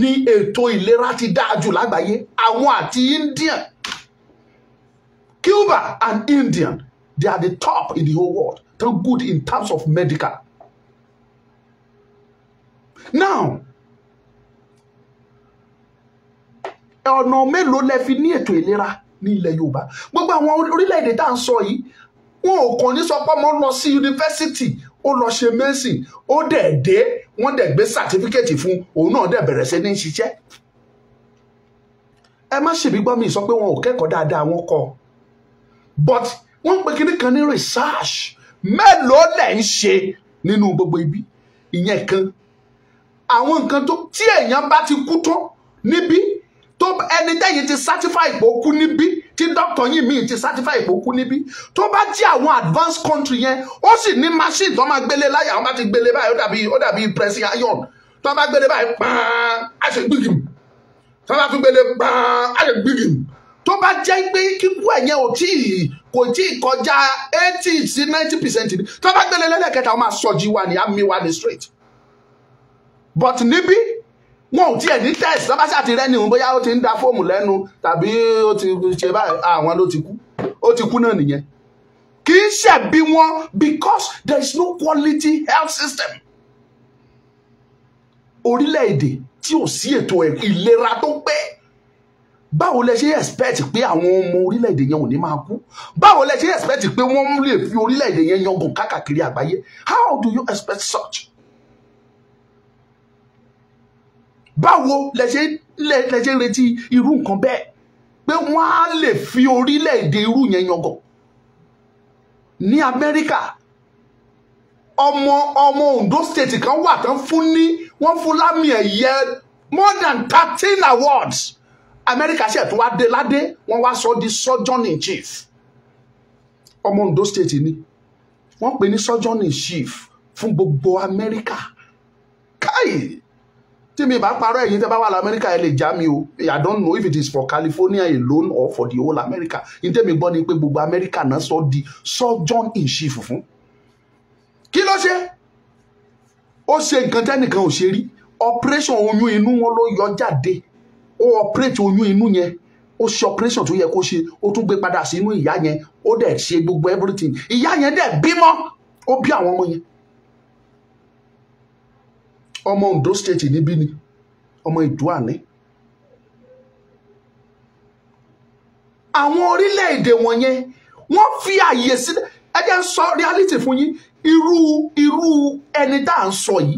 ni ètò ìlera ti dáa jù lágbàáyé àwọn àti Indian Cuba and Indian They are the top in the whole world. They're good in terms of medical. Now, ọ̀nà mélòó lẹ fi ní ètò ìlera ní ilẹ̀ Yorùbá gbogbo àwọn orílẹ̀-èdè tá à ń sọ yìí wọn ò kàn ní sọ pé ọmọ lọ sí yunifásitì ó lọ ṣe mẹ́sìn ó dẹ̀ dé wọ́n dẹ̀ gbé sàtífíkẹ́ẹ̀tì fún òun náà dẹ̀ bẹ̀rẹ̀ sí ní ṣiṣẹ́ ẹ má ṣèbí gbọ́ mi sọ pé wọn ò kẹ́kọ̀ọ́ dáadáa wọn kọ́ but wọ́n ń pe kinní kan ní research mélòó lẹ̀ ń ṣe nínú gbogbo ibi ìyẹn kan àwọn nǹkan tó tí èèyàn bá ti kú tán níbí tó ẹni tẹ́yìn ti certify pé ó kú níbí tí dókítà yìí míì ti certify pé ó kú níbí tó bá jẹ́ àwọn advanced country yẹn ó sì ní machine tó máa gbélé láyà wọ́n bá ti gbélé báyìí ó dàbí ó dàbí pressing iron tó bá gbélé báyìí pààn á ṣe gbígìm tó bá tún gbélé pààn á gbígìm tó bá jẹ́ pé kíkú ẹ̀yẹn ò tí ì kò tí ì kọjá eighty sí ninety percent ni tó bá gbélé lẹ́lẹ́kẹta ó máa sọjí wa ní àmì wa ní straight but níbí wọn ò tiẹ̀ ní test lọ́ba ṣáà ti rẹ́ni òun bóyá ó ti ń da fóòmù lẹ́nu tàbí ó ti ṣe báyìí àwọn ló ti kú ó ti kú náà nìyẹn kì í ṣẹ̀bi wọn because there is no quality health system orílẹ̀-èdè tí ò sí ètò ìlera tó pé báwo lẹ ṣe expect pé àwọn ọmọ orílẹ̀-èdè yẹn ò ní máa kú báwo lẹ ṣe expect pé wọ́n lè fi orílẹ̀-èdè yẹn yangàn káàkiri àgbáyé how do you expect such. báwo lẹ ṣe lẹ ṣe retí irú nǹkan bẹ́ẹ̀ pé wọ́n á lè fi orílẹ̀-èdè irú yẹn yangàn ní Amẹ́ríkà ọmọ ọmọ Ondo state kan wà tán fún ní wọ́n fún lámì ẹ̀yẹ more than thirteen awards America ṣe tún wá dé ládé wọ́n wá sọ di surgeon in chief ọmọ Ondo state ni wọ́n pè ní surgeon in chief fún gbogbo America. káyì tí mi bá parọ́ ẹ̀yin tẹ́ bá wà lamẹ́ríkà ẹ lè já mi o I don't know if it is for California alone or for the whole America ní tẹ́mi gbọ́ ni pé gbogbo amẹ́ríkà náà sọ di surgeon in chief fún kí ló ṣe ó ṣe nǹkan tẹ́nìkan ò ṣe rí operation oyún inú wọn ló yọ jáde ó ọpẹ́rẹ́tì oyún inú yẹn ó ṣe operation tó yẹ kó ṣe ó tún gbé padà sínú ìyá yẹn ó dẹ̀ ṣe gbogbo everything ìyá yẹn dẹ̀ bímọ ó bí àwọn ọmọ yẹn ọmọ Ondo state níbí ni ọmọ Ìdúà ni àwọn orílẹ̀-èdè wọ̀nyẹn wọ́n fi àyè sílẹ̀ ẹ jẹ́ ń sọ reality fún yín irú irú ẹni tá à ń sọ yìí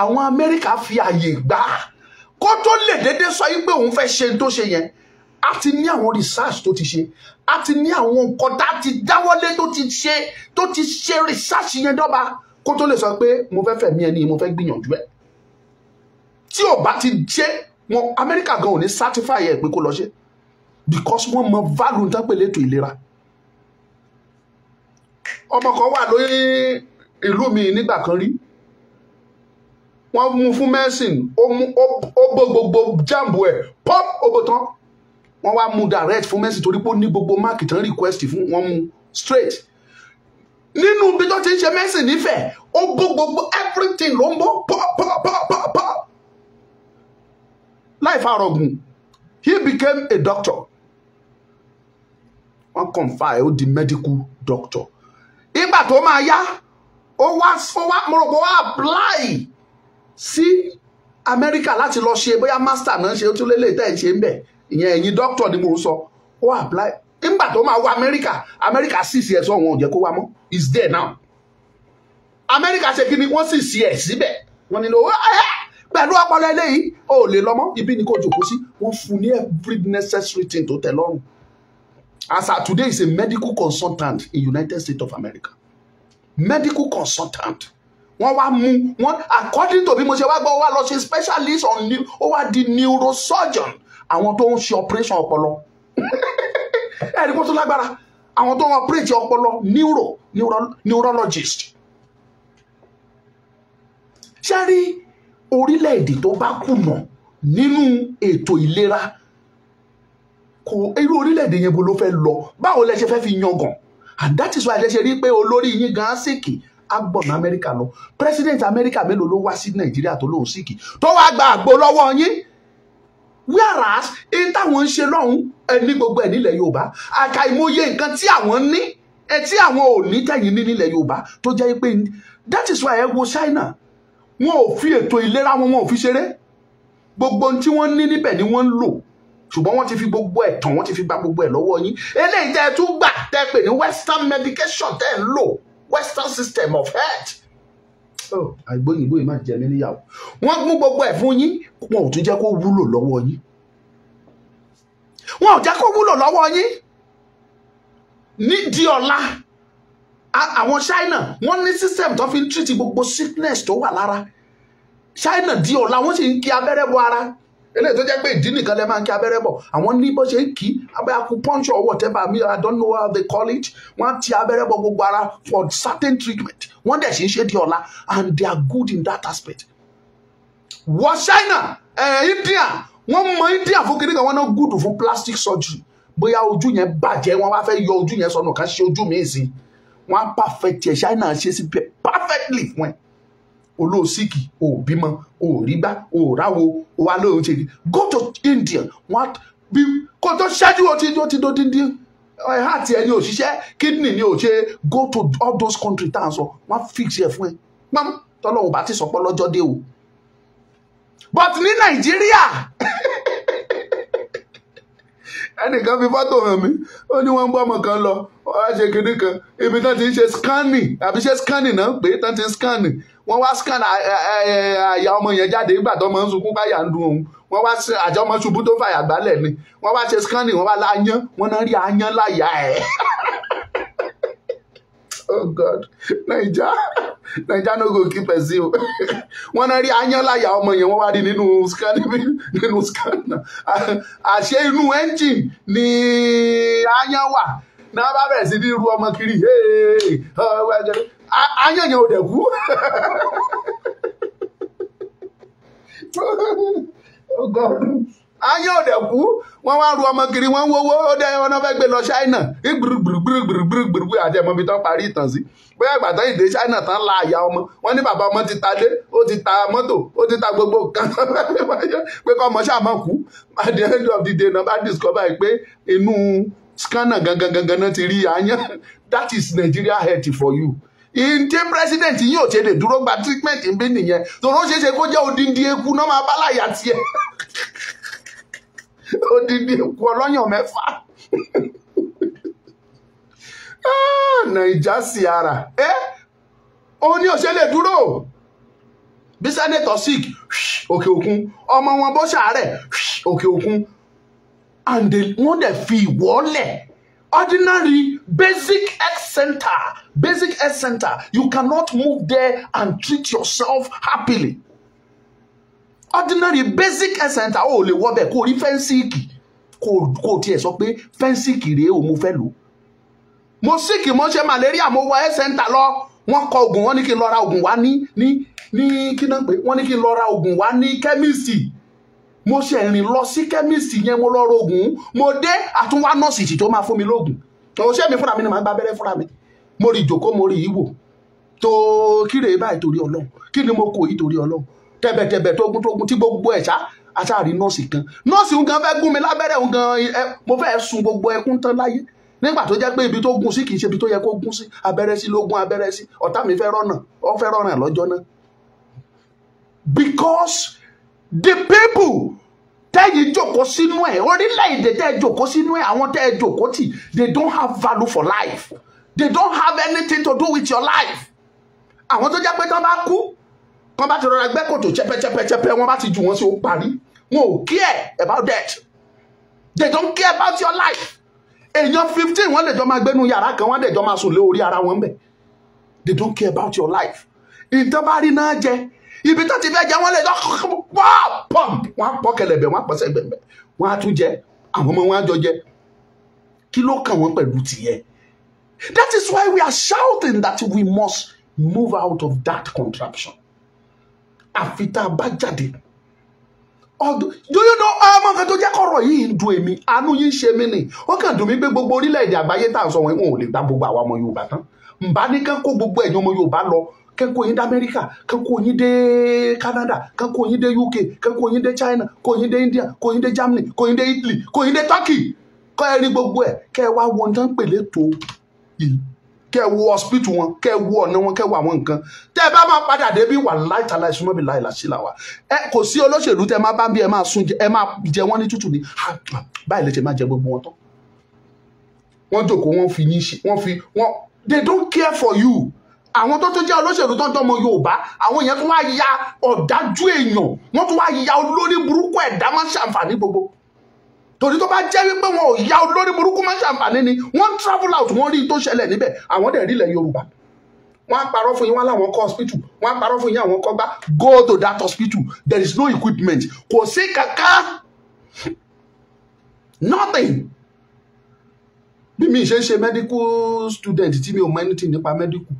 àwọn Amẹ́ríkà fi àyè gbà kó tó lè dédé sọ yí pé òun fẹ́ ṣe tó ṣe yẹn a ti ní àwọn research tó ti ṣe a ti ní àwọn nǹkan tá a ti dáwọ́lé tó ti ṣe tó ti ṣe research yẹn dọ́ba kó tó lè sọ pé mo fẹ́ fẹ̀mí ẹni mo fẹ́ gbìyànjú ẹ̀ tí ò bá ti ṣe wọn Amẹ́ríkà gan ò ní certify ẹ̀ pé kó lọ ṣe because wọ́n mọ value ń tẹ́pẹ̀ létò ìlera ọmọ kan wà lórí ìlú mi nígbà kan rí wọ́n mú fún mẹ́sìn ó bó gbogbo jáàmù ẹ̀ pop ó bó tán wọ́n wá mú direct fún mẹ́sìn torí pé ó ní gbogbo máàkì tán request fún wọ́n mú straight nínú bí tó ti ń ṣe mẹ́sìn nífẹ̀ẹ́ ó bó gbogbo everything ló ń bó pop pop pop pop pop láì farọgùn he became a doctor wọ́n confide ẹ̀ ó di medical doctor ìgbà tó máa yá ó wá mo rò pé ó wá apply sí amẹ́ríkà láti lọ ṣe bóyá master náà ṣe ó tún lélẹ̀ tẹ́ ẹ̀ ṣe ń bẹ̀ ìyẹn ẹ̀yin doctor ni mo sọ ó apply nígbà tó máa wọ amẹ́ríkà amẹ́ríkà six years wọn ò jẹ́ kó wá mọ́ is there now amẹ́ríkà ṣe kí ni wọ́n sì sí ẹ̀ síbẹ̀ wọ́n nílò pẹ̀lú ọpọlọ eléyìí ó lè lọ́mọ́ ibi ni kò jòkó sí wọ́n fún ní every necessary thing tó tẹ́ lọ́rùn as at today is a medical consultant in United States of America medical consultant wọ́n wá mú wọ́n according to bí mo ṣe wá gbọ́ wá lọ ṣe specialist on new ó wá di neurosurgeon àwọn tó ń ṣe operation ọpọlọ [LAUGHS] ẹ̀rí kó tó lágbára àwọn tó ń operate ọpọlọ neuro neurologist ṣe rí orílẹ̀-èdè tó bá kùnà nínú ètò ìlera kò irú orílẹ̀-èdè yẹn bo ló fẹ́ lọ báwo lẹ ṣe fẹ́ fi yangàn and that is why ẹ ṣe rí pé olórí yín gan-an sìkì agbọ̀nà amẹ́ríkà lọ president amẹ́ríkà mélòó ló wá sí nàìjíríà tó lóun síkì tó wá gba àgbo lọ́wọ́ yín whereas in táwọn ń ṣe lọ́hùn ẹni gbogbo ẹ̀ nílẹ̀ yorùbá àkàìmọye nǹkan tí àwọn ní ẹ àwọn ò ní tẹ̀yìn ní nílẹ̀ yorùbá tó jẹ́ pé that is why ẹ wo china wọn ò fi ètò ìlera wọn wọn ò fi ṣeré gbogbo ohun tí wọ́n ní níbẹ̀ ni wọ́n ń lò ṣùgbọ́n wọ́n ti fi gbogbo ẹ̀ tán wọ́n ti fi gba gbogbo ẹ̀ lọ́wọ́ yín eléyìí tẹ́ ẹ tún gbà tẹ́ pè ní western medication tẹ́ ẹ ń lò western system of health oh, àgbóyìnbó yìí máa jẹ mí níyàwó wọ́n mú gbogbo ẹ̀ fún yín wọn ò tún jẹ́ kó wúlò lọ́wọ́ yín wọn ò jẹ́ kó wúlò lọ́wọ́ yín nídìí ọ̀la àwọn China wọ́n ní system tó fi ń treat gbogbo sickness tó wà lára China di ọ̀la wọ́n sì ń kí abẹ́rẹ́ bọ ara eléyìí tó jẹ́ pé ìdí nìkan lè máa ń kí abẹ́rẹ́ bọ̀ àwọn ní bó ṣe ń kí abẹ́ acupuncture or whatever mi I don't know how they call it wọ́n á ti abẹ́rẹ́ bọ̀ gbogbo ara for certain treatment wọ́n dẹ̀ sì ń ṣe di ọ̀la and they are good in that aspect. wọ China India wọ́n mọ India fún kíní kan wọ́n náà good fún plastic surgery bóyá ojú yẹn bàjẹ́ wọ́n wá fẹ́ yọ ojú yẹn sọnù ká ṣe ojú mi sí wọ́n á perfect ẹ̀ China ṣe sí perfectly fún ẹ̀ olóòsìkì ò bímọ ò rígbá ò ráwo ò wá lóòrùn go to India wọn bí kó tó ṣáájú ó ti ó ti dó díndín heart ẹ ní òṣìṣẹ́ kidney ní òṣè go to all those countries tá à ń sọ wọn fix ẹ fún ẹ pam tọ́lọ́wọ́ bá ti sọpọ́ lọ́jọ́ dé o but ní Nàìjíríà [LAUGHS] ẹnìkan fi fọ́tò hàn mí ó ní wọ́n ń bọ́ ọmọ kan lọ wọ́n á ṣe kinní kan ibi tán ti ń ṣe scanning àbí ṣe scanning náà pé tán ti ń scanning wọ́n wá scan àyà ọmọ yẹn jáde nígbà tó ọmọ ń sunkún báyà ń dun òun wọ́n wá àjọ ọmọ ṣubú tó fàyà gbálẹ̀ ni wọ́n wá ṣe scanning wọ́n wá láyán wọ́n náà rí ayán láyà ẹ̀ [LAUGHS] oh god naija naija no go keep ẹsí o wọn na rí ya ọmọ yẹn wọn wá di nínú nínú scanner Àṣẹ inú engine ni ayán wà náà bá bẹ̀rẹ̀ sí ní irú ọmọ kiri oh, ayán yẹn ò dẹ̀ kú [LAUGHS] oh god. ayé òdẹ kú wọn wá ru ọmọ kiri wọn ń wowó ó dẹ ọ náà fẹ́ gbé lọ ṣáínà gbùrùgbùrùgbùrùgbùrùgbùrù àti ẹmọ ibi tán parí ìtàn sí bóyá ìgbà tán ìdè ṣáínà tán la àyà ọmọ wọn ní bàbá ọmọ ti ta lé ó ti ta mọ́tò ó ti ta gbogbo nǹkan [LAUGHS] pé kọ́ ọmọ ṣáà má kú at the end of the day náà bá discover pé inú scanner gangan gangan náà ti rí àyàn [LAUGHS] that is Nigeria health for you ìdí president yìí ò ṣe lè dúró gba treatment ń bí nìyẹn tòró ṣeéṣe kó jẹ́ odindi eku náà máa bá láyà tiẹ̀ [LAUGHS] [LAUGHS] odidi òkú ọlọ́yàn mẹ́fà ọ̀nà [LAUGHS] ah, ìjà sí ara ẹ́ eh? òun ni òṣè lè dúró bí sẹ́nẹ̀tọ̀ sick òkè òkun ọmọ wọn bó ṣàárẹ̀ òkè òkun and wọ́n dẹ̀ fi ìwọ́lẹ̀ ordinary basic health center basic health center you cannot move there and treat yourself happily ordinary basic ẹsẹ̀ ta ó lè wọ́bẹ̀ kó rí fẹ́ǹsìkì kó tiẹ̀ sọ pé fẹ́ǹsìkì rèé o mo fẹ́ lò mo síkì mo ṣe malaria mo wọ ẹsẹ̀ ń ta lọ wọ́n kọ oògùn wọ́n ní kí n lọ ra oògùn wá ní ní ní kí náà pé wọ́n ní kí n lọ ra oògùn wá ní kẹ́míìsì mo ṣe rìn lọ sí kẹ́míìsì yẹn mo lọ roògùn mo dé àtúnwá nọ́ọ̀sì tí tó máa fún mi lóògùn òṣè mi fúnra mi ni màá gba abẹ́rẹ́ fúnra mi mo rí ìjòkó mo rí ìwò tó kíre báyìí torí ọlọ́run kí ni mo kò yìí torí ọlọ́run tẹ̀bẹ̀tẹ̀bẹ̀ tógun tógun tí gbogbo ẹ̀ ṣá aṣáàrí nọ́ọ̀sì kan nọ́ọ̀sì ń gan fẹ́ gún mi lábẹ́rẹ́ ń gan mo fẹ́ sun gbogbo ẹkún tán láyé nígbà tó jẹ́ pé ibi tó gún sí kì í ṣe ibi tó yẹ kó gún sí abẹ́rẹ́ sí ló gún abẹ́rẹ́ sí ọ̀tá mi fẹ́ rọ́nà ó fẹ́ rọ́nà lọ́jọ́ náà. because the people tẹ́yìn jòkó sínú ẹ̀ orílẹ̀-èdè tẹ́ jòkó sínú ẹ̀ àwọn tẹ́ jòkó tì they don't have value for life they don't have anything to do with your life àwọn tó jẹ́ pé tó bá kú wọ́n bá ti rọra gbẹ́ kòtò chẹ́pẹ́chẹ́pẹ́chẹ́pẹ́ wọ́n bá ti jù wọ́n sí ó parí wọn ò care about death they don't care about your life èèyàn fifteen wọ́n lè jọ máa gbénu yàrá kan wọ́n lè jọ máa sùn lé orí ara wọn bẹ̀ they don't care about your life ìtàn bá rí náà jẹ ibi tó ti fẹ́ jẹ wọ́n lè jọ pọ́ wọ́n á pọ́ kẹlẹ̀bẹ̀ wọ́n á pọ́ sẹ́gbẹ̀mbẹ̀ wọ́n á tún jẹ àwọn ọmọ wọn á jọ jẹ kí ló kàn wọ́n pẹ̀lú tìyẹn that is why we are shouting that we must move out of that contraption àfi tá a bá jáde ọdún yóyódó ọmọ nǹkan tó jẹ́ kọ̀rọ̀ yìí ń dùn èmi àánú yìí ń ṣe mí gbogbo orílẹ̀-èdè àgbáyé tá à ń sọ wọn ò lè gba gbogbo ọmọ Yorùbá tán ní gbogbo ẹ̀yin ọmọ Yorùbá lọ kán kó yín dé Amẹ́ríkà kán kó yín dé Canada kán kó yín dé UK kán kó yín dé China kó yín dé India kó yín dé Germany kó yín dé Italy kó yín dé Turkey kọ́ ẹ rí gbogbo ẹ̀ kẹ́ ẹ wá wọn tán pèlè tó kẹ́ wo hospital wọn kẹ́ wo ọ̀nà wọn kẹ́ wo àwọn nǹkan tẹ́ bá máa padà dé bí wà láìtàlá ìsúnmọ́ bí láìlà sílà wa ẹ kò sí olóṣèlú tẹ́ máa bá bí ẹ máa sun ẹ máa jẹ wọ́n ní tútù ní báyìí lè ṣe máa jẹ gbogbo wọn tán wọ́n jókòó wọ́n fi yín ṣe wọ́n fi wọ́n they don't care for you àwọn tó tó jẹ́ olóṣèlú tó ń tọ́mọ Yorùbá àwọn èèyàn tó wá ya ọ̀dájú èèyàn wọ́n tó wá ya olórí burúkú ẹ̀dá máa ṣàǹfààní gbogbo torí tó bá jẹ́ wípé wọn ò ya olórí burúkú máa ń ṣàǹfààní ni wọ́n ń travel out wọ́n rí i tó ṣẹlẹ̀ níbẹ̀ àwọn dẹ̀ rí ilẹ̀ yorùbá wọ́n á parọ́ fún yín wọ́n láwọn kọ́ hospital wọ́n á parọ́ fún yín àwọn kọ́ gbá go to that hospital there is no equipment kò sí kankan nothing bí mi ṣe ń ṣe medical student tí mi ò mọ anything nípa medical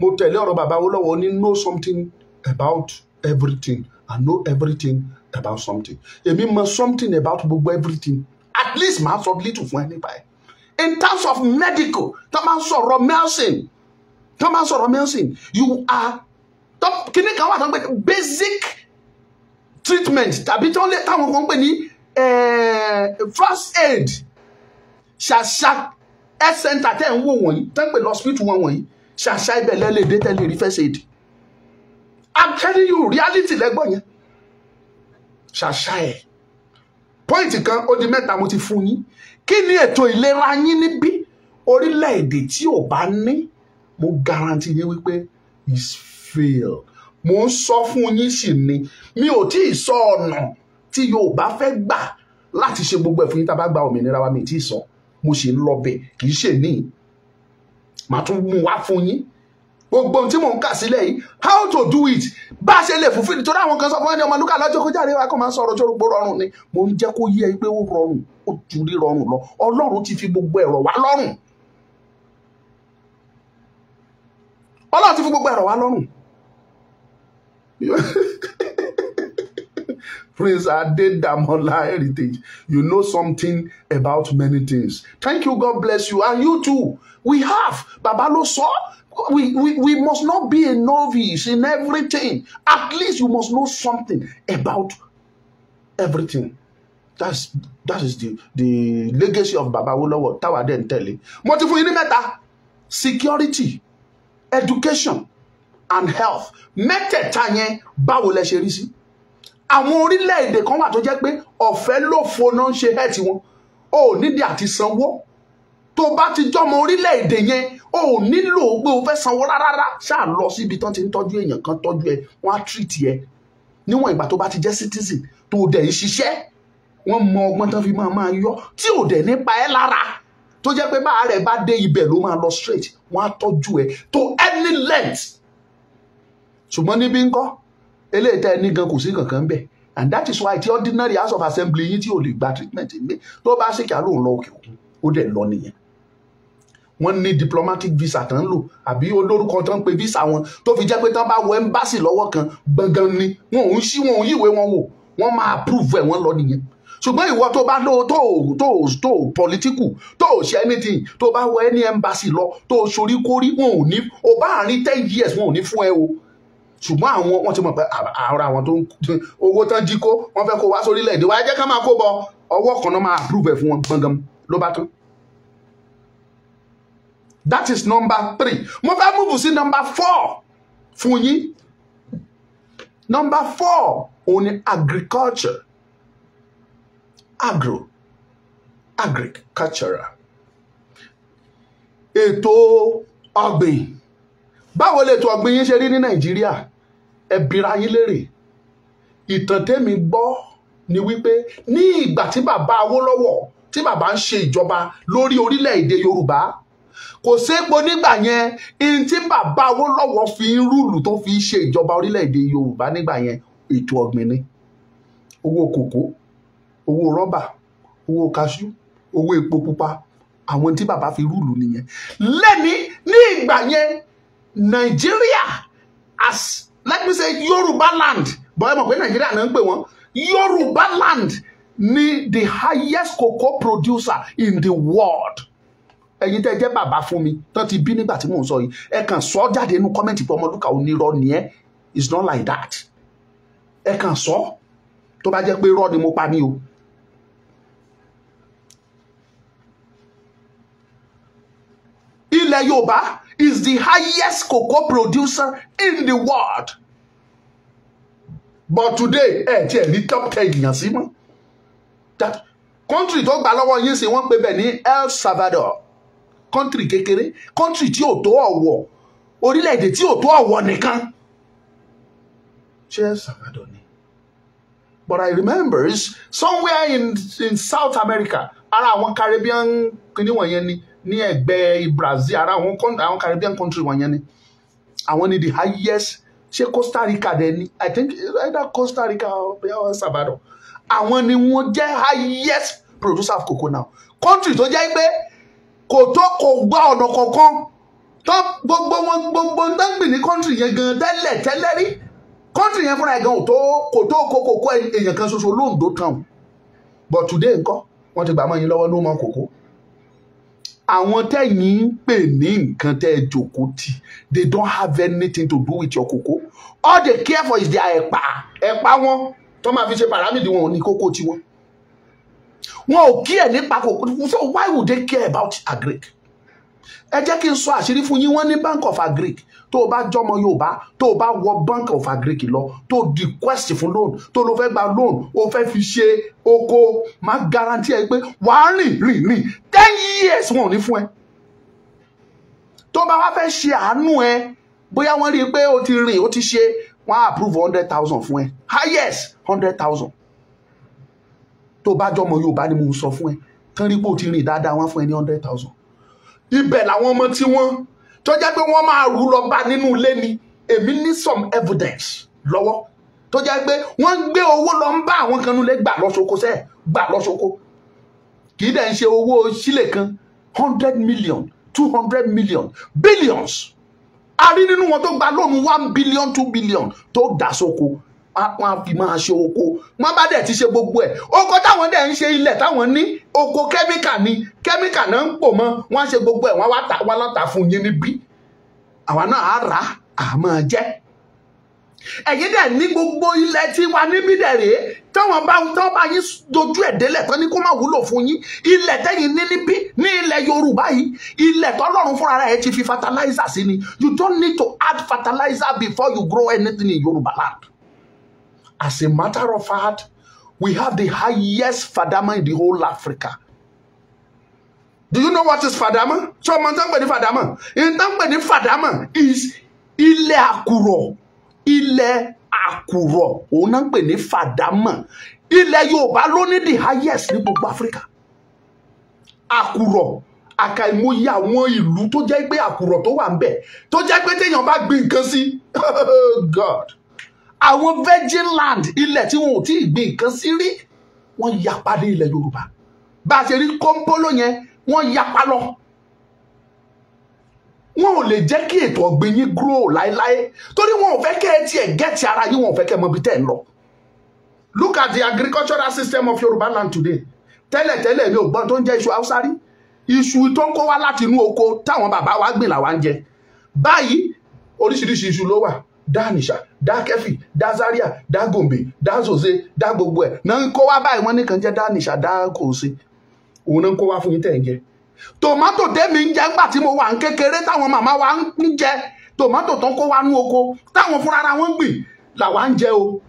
mo tẹ̀lé ọ̀rọ̀ bàbá Awólọ́wọ̀ ó ní know something about everything and know everything about something èmi mọ something about everything at least màá sọ little fún anybody. in terms of medical tó máa ń sọ̀rọ̀ medicine tó máa ń medicine you are kíní Can you come out? basic treatment tàbí tó ń lé company. Eh, first aid ṣàṣà S center ten one one. Then tó ń pè one one. wọn wọ̀nyí ṣàṣà ibẹ̀ lẹ́lẹ́dẹ́ tẹ́lẹ̀ rí first aid i'm telling you reality lẹ́gbọ̀n yẹn ṣàṣà ẹ̀ pọ́ìntì kan ó di mẹ́ta mo ti fún yín kí ni ètò ìlera yín níbí orílẹ̀-èdè tí ò bá ní mo garanti yín wípé is fail mo ń sọ fún yín sì ni mi ò tí ì sọ ọ̀nà tí Yorùbá fẹ́ gbà láti ṣe gbogbo ẹ̀ yín tá a bá gba òmìnira wa mi tí ì sọ mo sì ń lọ bẹ̀ kì í ṣe níyì màá tún mú wá fún yín gbogbo tí mò ń kà sílẹ̀ yìí how to do it bá a ṣe lè fúnfin nítorí àwọn kan sọ fún ẹni ọmọ lúkà lọ́jọ́ kó jáde wa kó máa ń sọ̀rọ̀ tó rúgbó rọrùn ni mò ń jẹ́ kó yé ẹ pé ó rọrùn ó ju rí rọrùn lọ ọlọ́run ti fi gbogbo ẹ̀rọ wá lọ́rùn ọlọ́run ti fi gbogbo ẹ̀rọ wá lọ́rùn [LAUGHS] Prince Adedamola Heritage. You know something about many things. Thank you. God bless you. And you too. We have. babalo ló we, we, we must not be a novice in everything. At least you must know something about everything. That's that is the the legacy of Baba Wolowo táwa dẹ̀ ń tẹ̀lé. Mo ti fún yín ní mẹ́ta security education and health Mete tanye báwo lẹ ṣe rí sí. Àwọn orílẹ̀-èdè kan wà tó jẹ́ pé ọ̀fẹ́ ló fo náà ń ṣe health wọn. O ò àti sanwó tó bá ti jọmọ orílẹ̀-èdè yẹn o ò nílò pé o fẹ́ sanwó rárá ṣáà lọ síbi tán ti ń tọ́jú èèyàn kan tọ́jú ẹ wọ́n á tírìtì ẹ níwọ̀n ìgbà tó bá ti jẹ́ citizen tó dẹ̀ ń ṣiṣẹ́ wọ́n mọ ọgbọ́n tán fi máa máa yọ tí ò dẹ̀ nípa ẹ lára tó jẹ́ pé báà rẹ̀ bá dé ibẹ̀ ló máa lọ straight wọ́n á tọ́jú ẹ to any length ṣùgbọ́n níbí ńkọ́ eléyìí tẹ́ ẹ ní gan kò sí kankan bẹ́ẹ̀ and that is why ti ordinary house of assembly yín tí ò lè gba treatment mi tó bá ṣèkà lóun lọ òkè òkun ó dẹ̀ lọ nìyẹn wọ́n ní diplomatic visa tán ń lò àbí olórúkọ tán ń pe visa wọn tó fi jẹ́ pé tán bá wọ ẹ́mbáàsì lọ́wọ́ kan gbọ̀ngàn ni wọn ò ń ṣí wọn ò yíwèé wọn wò wọ́n máa approve ẹ̀ wọ́n lọ nìyẹn ṣùgbọ́n ìwọ tó bá lóo tó tó tó pọlítíkù tó ṣe anything tó bá wọ ẹni ẹ́mbáàsì lọ tó ṣorí kórí wọn ò ní o bá àárín ten years wọn ò ní fún ẹ o ṣùgbọ́n àwọn wọn ti mọ̀ pé ara àwọn tó ń owó tán jí kó wọ́n fẹ́ kó wá sórílẹ̀ èdè wa jẹ́ ká máa kó bọ ọwọ́ kan náà máa approve ẹ̀ fún wọn gbọ̀ngàn ló bá tán that is number three mo fẹ́ múùbù sí number four fún yín number four òun ni agriculture agro agricultural ètò ọ̀gbìn báwo lètò ọ̀gbìn yín ṣe rí ní nàìjíríà ẹ bira yín lérè ìtàn mi gbọ́ ni wípé ní ìgbà tí bàbá Awólọ́wọ̀ tí bàbá ń ṣe ìjọba lórí orílẹ̀-èdè Yorùbá kò sépo nígbà yẹn ihun tí bàbá Awólọ́wọ̀ fi ń rúùlù tó fi ń ṣe ìjọba orílẹ̀-èdè Yorùbá nígbà yẹn ètò ọ̀gbìn ni owó kòkó owó rọ́bà owó kaṣú owó epo pupa àwọn tí bàbá fi rúùlù nìyẹn lẹ́ni ní ìgbà yẹn Nàìjíríà as let me say Yorùbá land bọ́ẹ̀ mọ̀ pé Nàìjíríà náà ń pè wọ́n Yorùbá land ni the highest cocoa producer in the world ẹ̀yin tẹ́ jẹ́ bàbá fún mi tán ti bí nígbà tí mò ń sọ yìí ẹ kàn sọ jáde nínú kọ́mẹ́ǹtì pé Ọmọlúkà onírọ́ ni ẹ it's not like that ẹ kàn sọ tó bá jẹ́ pé irọ́ ni mo pa ní o. ilẹ̀ Yorùbá is the highest cocoa producer in the world but today ẹ tiẹ̀ ní top ten èèyàn sí mọ́ kọ́ńtì tó gbà lọ́wọ́ yín sí wọ́n pè bẹ́ẹ̀ ní El Salvador kọ́ńtìrì kékeré kọ́ńtìrì tí ò tó ọ̀wọ̀ orílẹ̀-èdè tí ò tó ọ̀wọ̀ nìkan ṣé El Salvador ni but I remember somewhere in, in South America ara àwọn Caribbean kìíní wọ̀nyẹn ni ní ẹgbẹ́ Brazil ara àwọn Caribbean country wọ̀nyẹn ni àwọn ni the highest ṣé Costa Rica dẹ̀ ni I think either Costa Rica or El Salvador àwọn ni wọ́n jẹ́ highest producer of cocoa now country tó jẹ́ pé kò tó kò gba ọ̀nà kankan tó gbogbo wọn gbogbo ndẹ́gbìn ní kọ́ńtì yẹn gan tẹ́lẹ̀ tẹ́lẹ̀ rí kọ́ńtì yẹn fúnra ẹ̀ gan tó kò tó kò kò kó èèyàn kan ṣoṣo lóńdó town but today ńkọ́ wọ́n ti gbà mọ́ yín lọ́wọ́ ló mọ kókó àwọn tẹ̀yìn ń pè ní nǹkan tẹ́ ẹ jókòó tì they don't have anything to do with your kókó all they care for is their ẹ̀pà ẹ̀pà wọn tó máa fi ṣe pàrámìdì wọn ò ní kókó tiwọn wọn ò kí nípa kò so why would they care about agric ẹ jẹ́ kí n sọ àṣírí fún yín wọ́n ní bank of agric tó o bá jọmọ yorùbá tó o bá wọ bank of agric lọ tó o request fún loan tó o lo fẹ́ gba loan o fẹ́ fi ṣe oko máa guarantee ẹ pé wàá rìn rìn rìn ten years wọn ò ní fún ẹ tó bá wá fẹ́ ṣe àánú ẹ bóyá wọ́n rí i pé o ti rìn o ti ṣe wọ́n á approve hundred thousand fún ẹ highest ah, hundred thousand tó bá jọmọ Yorùbá ni mo sọ fún ẹ kán rí pò ti rìn dáadáa wọn fún ẹ ní hundred thousand ibẹ̀ làwọn ọmọ tí wọ́n tó jẹ́ pé wọ́n máa rú lọ bá nínú ilé ni èmi ní some evidence lọ́wọ́ tó jẹ́ pé wọ́n ń gbé owó lọ ń bá àwọn kan nílé gbà lọ́sọkọ sẹ́ẹ̀ gbà lọ́sọkọ kì í dẹ̀ ń ṣe owó sílẹ̀ kan hundred million two hundred million billions a rí nínú wọn tó gba lónìí one billion two billion tó dà sóko wọn á fi máa ṣe oko wọn bá dẹ̀ ti ṣe gbogbo ẹ̀ oko táwọn dẹ̀ ń ṣe ilẹ̀ táwọn ní oko kẹ́míkà ni kẹ́míkà náà ń pò mọ́ wọn á ṣe gbogbo ẹ̀ wọn wá ta wọn láta fún yín níbí àwa náà á rà á máa jẹ ẹ̀yin dẹ̀ ní gbogbo ilẹ̀ tí wà níbí dẹ̀ rèé táwọn bá táwọn bá yín dojú ẹ̀ délẹ̀ tán ní kó má wúlò fún yín ilẹ̀ tẹ́yìn ní níbí ní ilẹ̀ Yorùbá yìí ilẹ̀ tọ́lọ́run fúnra rẹ̀ ti fi fertilizer sí ni you don't need to add fertilizer before you grow anything in Yorùbá land. As a matter of fact, we have the highest fadama in the whole Africa. Do you know what is fadama? So mantangbe ni fadama. Intangbe ni fadama is ilé àkùrọ̀. Ilé àkùrọ̀. Onangbe ni fadama. Ilẹ̀ Yorùbá ló ní the highest ní gbogbo Africa. Àkùrọ̀ àkàìmọye àwọn ìlú tó jẹ́ pé àkùrọ̀ tó wà ń bẹ̀ tó jẹ́ pé téèyàn bá gbin nǹkan sí [LAUGHS] God àwọn virgin land ilẹ̀ tí wọn ò tí ì gbin nǹkan sí rí wọ́n yapa dé ilẹ̀ yorùbá bá a ṣe rí kọ́ńpóló yẹn wọ́n yapa lọ wọn ò lè jẹ́ kí ètò ọ̀gbìn yín grow láéláé torí wọn ò fẹ́ kẹ́ ẹ tiẹ̀ gẹ́ẹ̀tì ara yín wọn ò fẹ́ kẹ́ ẹ mọ ibi tẹ́ ẹ lọ look at the agricultural system of yorùbá land today tẹ́lẹ̀tẹ́lẹ̀ mi ò gbọ́n tó ń jẹ́ iṣu haúsá rí iṣu tó ń kó wá láti inú oko táwọn bàbá wa gbìn làwa ń jẹ báyìí oríṣiríṣi iṣu ló wà dá nìṣà dá kẹfì dá zaria dá gombe dá zòze dá gbogbo ẹ náà ń kó wá báyìí wọn nìkan jẹ dá nìṣà dá kòòse òun náà ń kó wá fún yín tẹ̀ ń jẹ tòmátò tẹ́mi ń jẹ ńgbà tí mo wà ń kékeré táwọn màmá wa ń jẹ tòmátò tó ń kó wá nú oko táwọn fúnra ara wọn gbìn làwa ń jẹ o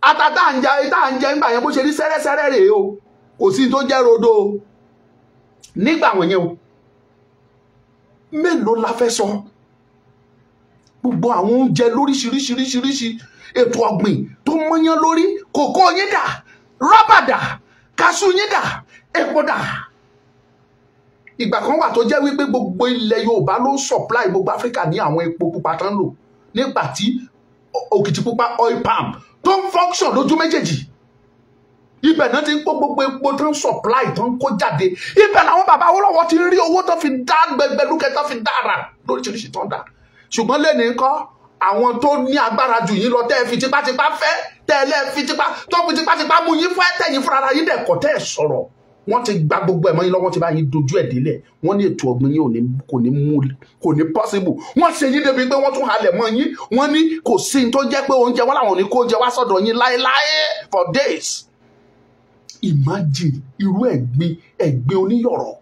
ata tá à ń jẹ tá à ń jẹ ńgbà yẹn bó ṣe rí sẹ́rẹ́sẹ́rẹ́ rèé o kò sí tó jẹ́ rodo o nígbà wọ̀nyẹn o mélòó la fẹ́ sọ gbogbo àwọn oúnjẹ lóríṣiríṣiríṣiríṣi ètò ọ̀gbìn tó mọ́yán lórí kòkó yín dà rọ́bà dà kásù yín dà epo dà ìgbà kan wà tó jẹ́ wípé gbogbo ilẹ̀ Yorùbá ló ń supply gbogbo Áfíríkà ní àwọn epo pupa tán lò nígbà tí Òkìtìpupa oil palm tó ń function lójú méjèèjì ibẹ̀ náà ti ń kó gbogbo epo tó ń supply tó ń kó jáde ibẹ̀ làwọn bàbá Awólọ́wọ̀ ti ń rí owó tó fi dá gbẹgbẹlúkẹ tó fi dára lóríṣiríṣi tó ń dára ṣùgbọ́n lẹ́ni ńkọ́ àwọn tó ní agbára jù yín lọ tẹ́ ẹ fi tipátipá fẹ́ tẹ́ ẹ lẹ́ẹ̀ fi tipá tó fi tipátipá mú yín fún ẹ tẹ̀yìn fúnra yín dẹ̀ kọ́ tẹ́ ẹ sọ̀rọ̀ wọ́n ti gba gbogbo ẹ̀mọ́ yín lọ́wọ́ wọ́n ti bá yín dojú ẹ̀ délẹ̀ wọ́n ní ètò ọ̀gbìn yín kò ní mú kò ní possible wọ́n ṣe yín débi pé wọ́n tún halẹ̀ mọ́ yín wọ́n ní kò sí tó jẹ́ pé oúnjẹ wọn làwọn ò ní kó oúnjẹ wá sọ̀dọ̀ yín láéláé for days imagine irú ẹ̀gbin ẹ̀gbin oníyọ̀rọ̀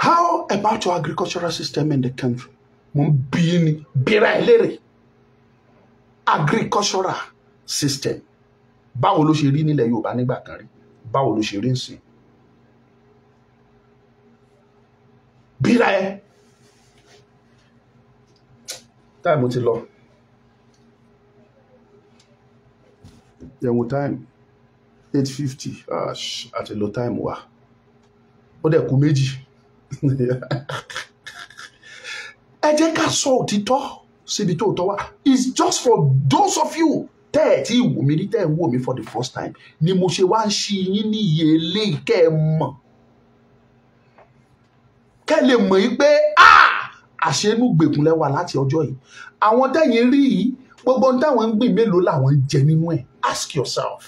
How about your agricultural system in the country? Mo ni bíra ẹ Agricultural system. Báwo ló ṣe rí nílẹ̀ Yorùbá nígbà kan rí? Báwo ló ṣe rí nsìn? Bíra ẹ. Táìmù ti lọ. Yẹ̀wò táìmù eight fifty àti ah, lo táìmù wa. Ó dẹ̀ kú méjì. [LAUGHS] ẹ jẹ́ ká sọ òtítọ́ síbi tó tọ́ wá it's just for those of you tẹ́ ẹ̀ tí wò mí rí tẹ́ ẹ̀ wò mí for the first time ni mo ṣe wá ń ṣí yín ní iye eléyìí kẹ́ ẹ mọ̀ kẹ́ ẹ lè mọ̀ yín pé ah! àṣẹ́nu gbèkùn lẹ́wà láti ọjọ́ yìí àwọn tẹ̀yìn rí yìí gbogbo ohun táwọn ń gbìn mélòó làwọn ń jẹ nínú ẹ̀ ask yourself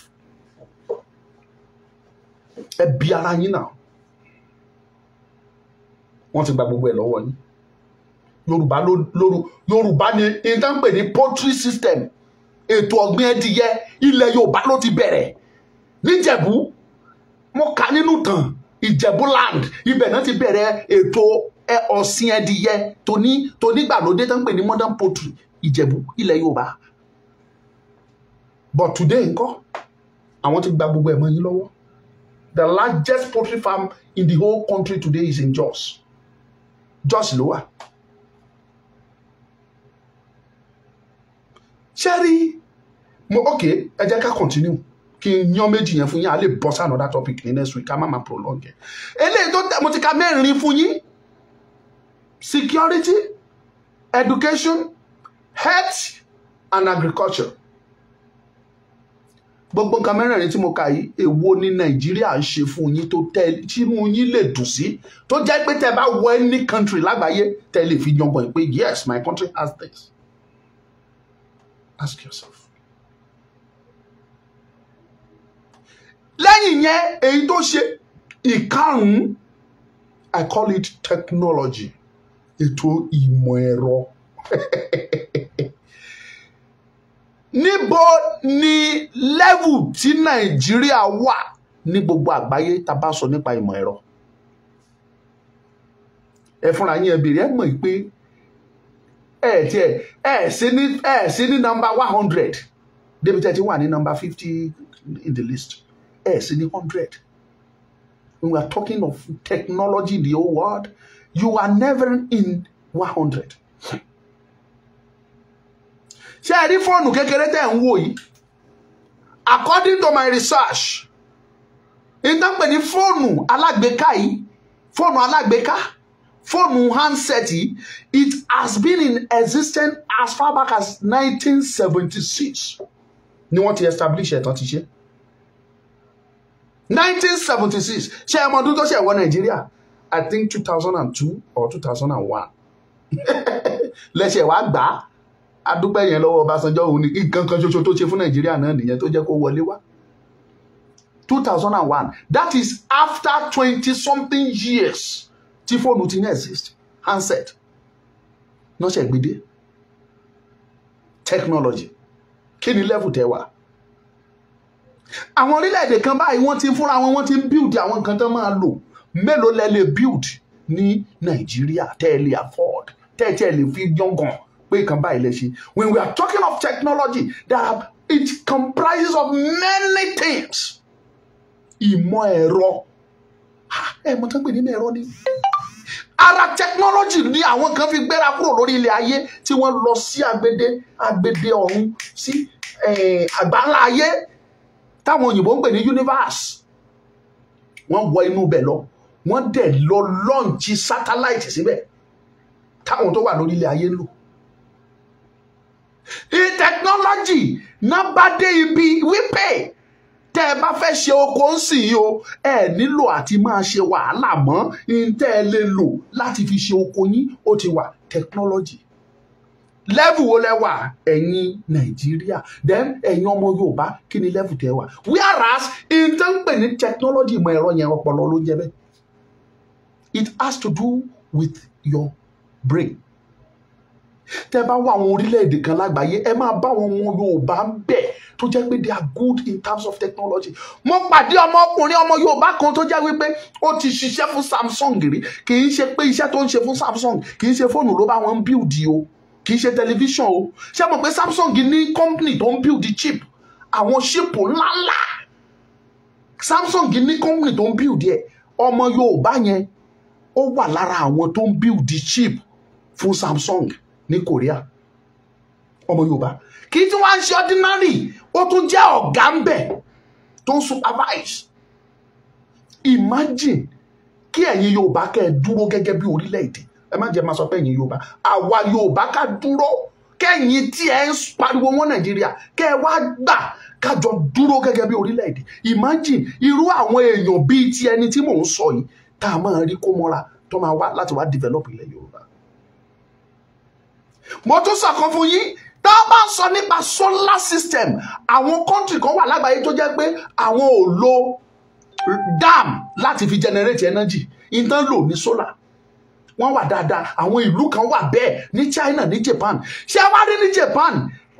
ẹ bi ara yín náà wọ́n ti gba gbogbo ẹ̀ lọ́wọ́ yín yorùbá lóru yorùbá ni ìtànpè ní poultry system ètò ọ̀gbìn ẹdìyẹ ilẹ̀ yorùbá ló ti bẹ̀rẹ̀ níjẹ̀bú mo kà nínú tàn ìjẹ̀bú land ibẹ̀ náà ti bẹ̀rẹ̀ ètò ọ̀sìn ẹdìyẹ tóní tónígbàlódé tó ń pè ní modern poultry ìjẹ̀bú ilẹ̀ yorùbá but today ńkọ́ àwọn ti gba gbogbo ẹ̀ mọ́ yín lọ́wọ́ the largest poultry farm in the whole country today is in Jos Jos ló wà. ṣẹ́rí mo ok ẹ jẹ́ ká continue kí n yan méjì yẹn fún yín a lè bọ́ sí another topic ní next week ká má máa prolong ẹ̀ eléyìí tó mo ti ka mẹ́rin fún yín security education health and agriculture gbogbo nǹkan mẹ́rẹ̀ẹ̀rin tí mo kà yìí èwo ni nàìjíríà ń ṣe fún yín tó tẹ tínú yín lè dùn sí tó jẹ́ pé tẹ bá wọ any country lágbàáyé tẹ lè fi yanbọ̀ pé yes my country has this ask yourself. lẹ́yìn yẹn èyí tó ṣe ìkarùn-ún I call it technology ètò ìmọ̀ ẹ̀rọ. [LAUGHS] níbo ni level tí nàìjíríà wà ní gbogbo àgbáyé tá a bá sọ nípa ìmọ̀ ẹ̀rọ ẹ fúnra yín ẹ bèrè ẹ mọ̀ pé ẹ tiẹ̀ ẹ sí ní ẹ sí ní nọ́mbà one hundred débi tẹ́ ti wà ní nọ́mbà fifty in the list ẹ sí ní hundred we are talking of technology in the whole world you are never in one hundred ṣé ẹ rí fóònù kékeré tẹ̀ ń wò yìí according to my research ìtànpẹ̀ ní fóònù alágbèéká yìí fóònù alágbèéká fóònù handset yìí it has been in existence as far back as 1976 ni wọ́n ti establish ẹ̀tọ́ ti ṣe 1976 ṣé ẹ mọ ọdún tó ṣe wọ nàìjíríà i think 2002 or 2001 [LAUGHS] lẹ́sẹ̀ wàá gbà á adúpẹ́ yẹn lọ́wọ́ Ọbásanjọ́ òun ni nǹkan kan ṣoṣo tó ṣe fún Nàìjíríà náà nìyẹn tó jẹ́ kó wọlé wá two thousand and one that is after twenty something years tí fóònù ti ní exist handset nọ́ṣẹ̀ gbédé technology kí ni level tẹ wà àwọn orílẹ̀-èdè kan báyìí wọ́n ti fúnra wọn wọ́n ti build àwọn nǹkan tó máa lò mélòó lẹ lè build ní Nàìjíríà tẹ́ ẹ lè afford tẹ́ ẹ tẹ́ ẹ lè fi yángàn pé nǹkan báyìí lè ṣe when we are talking of technology that it comprises of many things Imo ìmọ̀ ẹ̀rọ ẹ̀ mọ̀ tán pè ní ẹ̀rọ ni ara technology ni àwọn kan fi gbéra kúrò lórí ilẹ̀ ayé tí wọ́n lọ sí agbede agbede ọ̀run sí àgbáńlá ayé táwọn òyìnbó ń pè ní universe wọ́n wọ inú bẹ̀ lọ wọ́n dẹ̀ lọ lọ́ǹchì satellite síbẹ̀ táwọn tó wà lórí ilẹ̀ ayé ń lò technology náà bá dé ibi wípé tẹ́ ẹ bá fẹ́ ṣe oko ń sìn yìí o ẹ nílò àti máa ṣe wàhálà mọ́ ní tẹ́ ẹ lè lò láti fi ṣe oko yín ó ti wà technology level wo lẹ wà ẹ̀yin nàìjíríà then ẹ̀yin ọmọ yorùbá kí ni lẹ́vù tẹ wà whereas in tó ń pè ní technology ìmọ̀ ẹ̀rọ yẹn ọpọlọ ló jẹ bẹ́ẹ̀ it has to do with your brain tẹ́ bá wà àwọn orílẹ̀-èdè kan lágbàáyé ẹ máa bá àwọn ọmọ Yorùbá ń bẹ̀ tó jẹ́ pé they are good in terms of technology mo pàdé ọmọkùnrin ọmọ Yorùbá kan tó jẹ́ wípé ó ti ṣiṣẹ́ fún Samsung rí kì í ṣe pé iṣẹ́ tó ń ṣe fún Samsung kì í ṣe fóònù ló bá wọn build o kì í ṣe tẹlifíṣàn o ṣé mo pé Samsung ní company tó ń build chip àwọn ṣípò ńláńlá Samsung ní company tó ń build ẹ ọmọ Yorùbá yẹn ó wà lára àwọn tó ń build chip fún Samsung ní Korea ọmọ Yorùbá kì í tí wọ́n ń ṣe ordinary ó tún jẹ́ ọ̀gá ń bẹ̀ tó ń supervise imagine kí ẹ̀yin Yorùbá kẹ́ ẹ dúró gẹ́gẹ́ bí orílẹ̀-èdè ẹ má jẹ́ máa sọ pé ẹ̀yin Yorùbá àwa Yorùbá ká dúró kẹ́yìn tí ẹ ń pariwo wọn Nàìjíríà kẹ́ ẹ wá gbà kájọ dúró gẹ́gẹ́ bí orílẹ̀ imagine irú àwọn èèyàn bíi ti ẹni tí mò ń sọ yìí tá a máa rí kó mọ́ra tó máa wá láti wá develop ilẹ̀ Yorùbá mo tún sọ̀kan fún yín tá a bá sọ nípa solar system àwọn kọ́ńtì kan wà lágbàáyé tó jẹ́ pé àwọn ò lo dam láti fi generate energy iná lò ní solar wọ́n wà dáadáa àwọn ìlú kan wà bẹ́ẹ̀ ní China ní Japan ṣé a wá rí ní Japan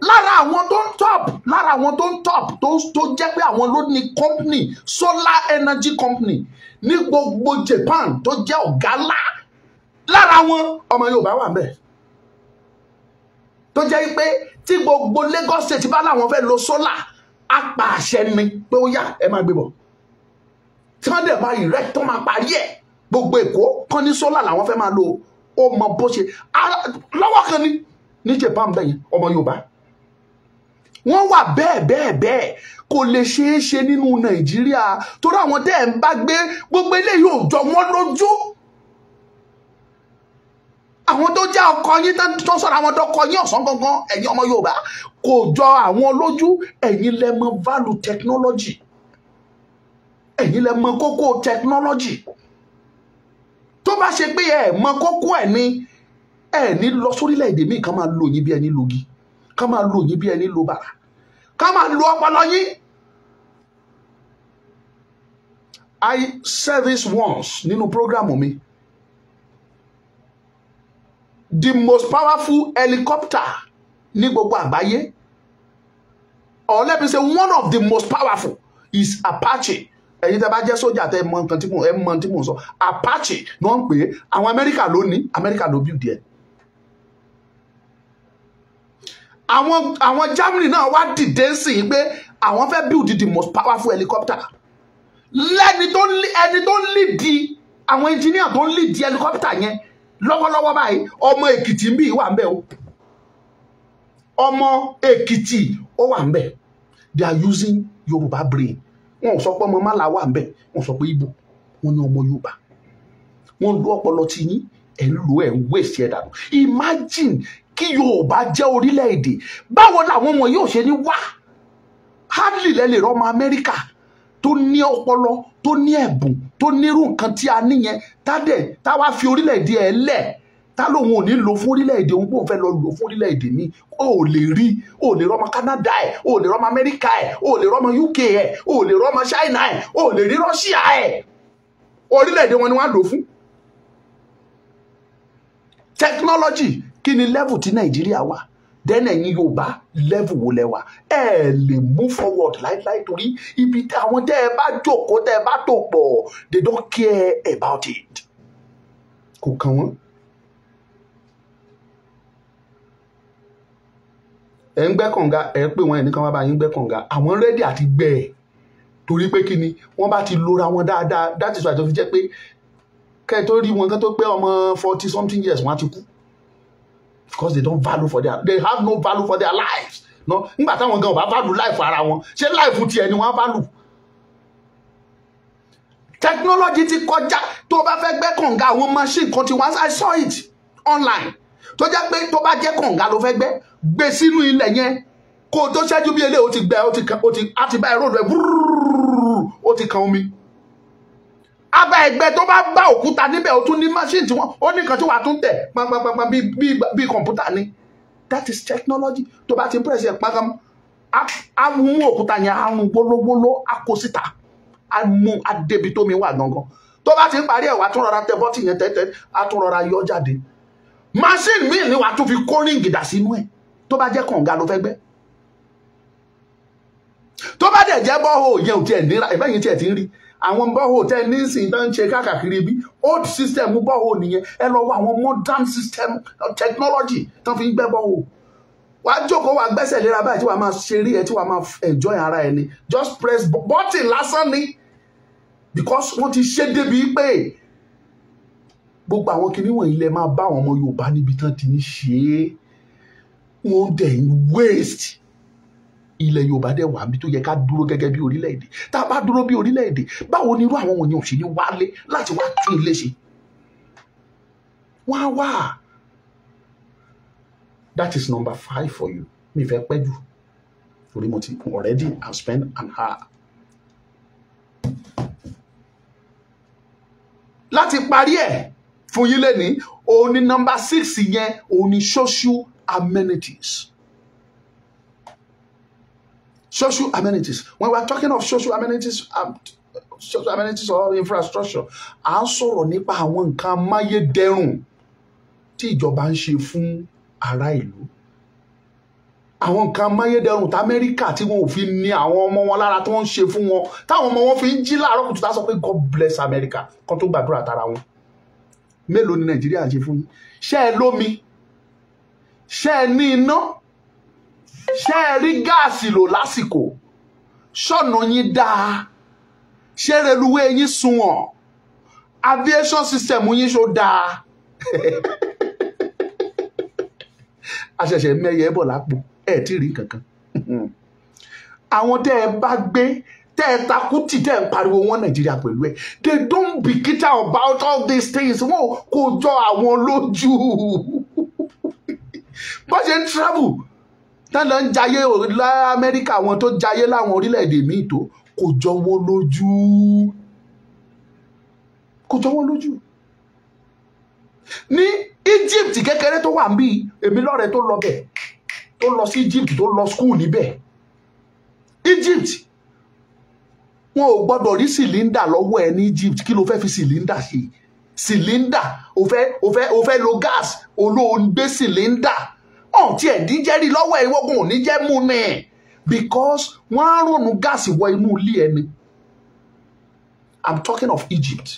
lára àwọn tó ń top lára àwọn tó ń top tó tó jẹ́ pé àwọn ló ní company solar energy company ní gbogbo Japan tó jẹ́ ọ̀gá ńlá lára wọn ọmọ Yorùbá wà bẹ́ẹ̀ tó jẹ́ pé tí gbogbo Lagos State bá láwọn fẹ́ lo sólà á pa àṣẹ ni pé ó yá ẹ máa gbé bọ̀ tí wọ́n dẹ̀ máa ìrẹ́ tó máa parí ẹ̀ gbogbo Èkó kán ní sólà làwọn fẹ́ máa lo ó mọ bó ṣe lọ́wọ́ kan ní ní Japan bẹ́yẹn ọmọ Yorùbá wọ́n wà bẹ́ẹ̀ bẹ́ẹ̀ bẹ́ẹ̀ kò lè ṣeé ṣe nínú Nàìjíríà torí àwọn tẹ́ ẹ̀ ń bá gbé gbogbo eléyìí ò jọ wọ́n lójú àwọn tó jẹ́ ọkọ yín tó sọ̀rọ̀ àwọn tó kọ yín ọ̀sán gangan ẹ̀yin ọmọ Yorùbá kò jọ àwọn lójú ẹ̀yin lẹ mọ value technology ẹ̀yin lẹ mọ kókó technology tó bá ṣe pé ẹ mọ kókó ẹ ní ẹ ní lọ sórílẹ̀-èdè míì kán máa lo yín bí ẹni logi kán máa lo yín bí ẹni lo bàrà kán máa lo ọpọlọ yín. I service once nínú programu mi. No the most powerful helicopter ní gbogbo àgbáyé or let me say one of the most powerful is Apache ẹ̀yin tẹ́ bá jẹ́ sójà tẹ́ mọ nǹkan tí mò ń mọ tí mò ń sọ Apache ni wọ́n ń pè é àwọn Amẹ́ríkà ló ní Amẹ́ríkà ló build ẹ̀ àwọn àwọn Germany náà wá dìde sí i pé àwọn fẹ́ build the most powerful helicopter lẹ́ni tó ẹni tó lead àwọn engineer tó lead helicopter yẹn lọ́wọ́lọ́wọ́ báyìí ọmọ èkìtì ń bí wà ń bẹ̀ o ọmọ èkìtì ó wà ń bẹ̀ they are using yorùbá brain wọn ò sọ pé ọmọ mala wà ń bẹ̀ wọn sọ pé ibo wọn ní ọmọ yorùbá wọn lu ọpọlọ ti yín ẹ̀ ń lo ẹ̀ ń wéṣì ẹ̀ dànù imagine kí yorùbá jẹ́ orílẹ̀-èdè báwo làwọn ọmọ yóò ṣe ní wá hardly lẹ́lẹ̀ rọ́mọ amẹ́ríkà tó ní ọpọlọ tó ní ẹ̀bùn tó nírú nǹkan tí a níyẹn tádẹ̀ táwa fi orílẹ̀-èdè ẹ̀ lẹ̀ tá lòun ò ní lò fún orílẹ̀-èdè òun kò fẹ́ lọ lò fún orílẹ̀-èdè mi o ò lè rí o ò lè rọ́mọ Canada ẹ̀ o ò lè rọ́mọ Amẹ́ríkà ẹ̀ o ò lè rọ́mọ UK ẹ̀ o ò lè rọ́mọ China ẹ̀ o ò lè rí Russia ẹ̀ orílẹ̀-èdè wọn ni wọ́n á lò fún technology kí ni level tí Nàìjíríà wà then ẹ̀yin yorùbá level wo lẹ ẹ lè move forward láíláí torí ibi àwọn tẹ́ ẹ bá jókòó tẹ́ ẹ bá tò pọ̀ they don't care about it kò kàn wọ́n. ẹ ń gbẹ́ kànga ẹ pé wọn ẹnìkan wá bá yín gbẹ́ kànga àwọn rẹ́dí àti gbẹ́ ẹ̀ torí pé kí ni wọ́n bá ti lora wọn dáadáa that is why tó fi jẹ́ pé kẹ́ ẹ tó rí wọn kẹ́ tó pé ọmọ forty something years wọ́n á ti kú because they don't value for their they have no value for their lives no nígbà táwọn gan ọba value life ara wọn ṣé life tiẹ̀ ni wọ́n value technology ti kọjá tó o bá fẹ́ gbẹ́ kànga àwọn machine kan ti wá I saw it online tó jẹ́ pé tó bá jẹ́ kànga ló fẹ́ gbẹ́ gbé sínú ilẹ̀ yẹn kó o tó ṣẹ́jú bí eléyìí ó ti gbẹ ó ti kan ó ti àtibá ẹ̀rọ rẹ̀ ó ti kan omi wàá bá ẹgbẹ́ tó bá bá òkúta níbẹ̀ ó tún ní machine tí wọ́n ó ní nǹkan tí wàá tún tẹ̀ pàmpàmpàmpà bíi kọ̀ǹpútà ni that is technology tó bá ti ń pẹ̀sẹ̀ pàmpàm á mú òkúta yẹn á rún gbólógbóló á kó síta á mú adébi tó mi wà gangan tó bá ti ń parí ẹ̀ wàá tún rọra tẹ bọ́tì yẹn tẹ́tẹ́ á tún rọra yọ jáde machine míì ni wàá tún fi kórìngì dà sínú ẹ̀ tó bá jẹ́ kànga ló fẹ́ gbẹ́ tó bá dẹ̀ jẹ́ bọ́ọ̀ oh, yẹn ò tiẹ̀ nira ẹ̀mẹ́yìn tiẹ̀ ti ń rí àwọn bọ́hò tẹ́ ní sìn tó ń ṣe káàkiri bí old system bọ́hò nìyẹn ẹ lọ wọ àwọn modern system technology tó fi ń gbẹ́ bọ́hò wàá jókòó wàá gbẹ́sẹ̀ léra báyìí tí wàá máa ṣeré ẹ tí wàá máa enjoy ara ẹ ni just press button lásán ni because wọ́n ti ṣe débi pé gbogbo àwọn kinní wọ̀nyí lẹ máa bá àwọn ọmọ Yorùbá níbi tán ti ń ṣe é wọ́n dẹ̀ ń waste ilẹ̀ Yorùbá dẹ̀ wà níbi tó yẹ ká dúró gẹ́gẹ́ bí orílẹ̀-èdè tá a bá dúró bí orílẹ̀-èdè báwo ni irú àwọn òyìn òṣèlú wálé láti wá tún ilé ṣe wá wá that is number five for you mi fẹ́ pẹ́ jù torí mo ti already I spent an hour. láti parí ẹ̀ fún yín lẹ́ni òun ni number six yẹn òun ni social amenities social amenities when we are talking of social amenities um, social amenities or infrastructure à ń sọ̀rọ̀ nípa àwọn nǹkan amáyédẹrùn tí ìjọba ń ṣe fún ará ìlú àwọn nǹkan amáyédẹrùn tá amẹ́ríkà tí wọn ò fi ní àwọn ọmọ wọn lára tí wọ́n ń ṣe fún wọn táwọn ọmọ wọn fi ń jí láàárọ̀ kùtù tá pé God bless America kan tó gbàdúrà tara wọn mélòó ni nàìjíríà ṣe fún yín ṣé ẹ lómi ṣé ẹ ní iná ṣé ẹ rí gáàsì lò lásìkò ṣọ́nà yín dáa ṣé reluwé yín sunwọ̀n aviation system yín ṣó dáa [LAUGHS] àṣẹ̀ṣẹ̀ mẹ́yẹ bọ̀ lápò ẹ̀ tí rí kankan [LAUGHS] àwọn tẹ́ ẹ bá gbé tẹ́ ẹ takútì tẹ́ ẹ ń pariwo wọn nàìjíríà pẹ̀lú ẹ̀ they don't be bìkítà about all these things wọn kò jọ àwọn lójú [LAUGHS] bó ṣe ń travel tán lọ ń jayé lamẹ́ríkà wọn tó jayé láwọn orílẹ̀-èdè míì tó kò jọwọ́ lójú kò jọwọ́ lójú ní Egypt kékeré tó wà ń bí èmi lọ́rẹ̀ẹ́ tó lọ bẹ̀ tó lọ sí Egypt tó lọ skul níbẹ̀ Egypt wọn ò gbọ́dọ̀ rí sìlíndà lọ́wọ́ ẹ ní Egypt kí ló fẹ́ fi sìlíndà ṣe sìlíndà o fẹ́ o fẹ́ o lo gas olóhùn gbé ọ̀n tí ẹ̀ díjẹ́ rí lọ́wọ́ ẹ̀ ìwọ́gun ò ní jẹ́ mú ni because wọ́n á rònú gáàsì wọ inú ilé ẹni i'm talking of Egypt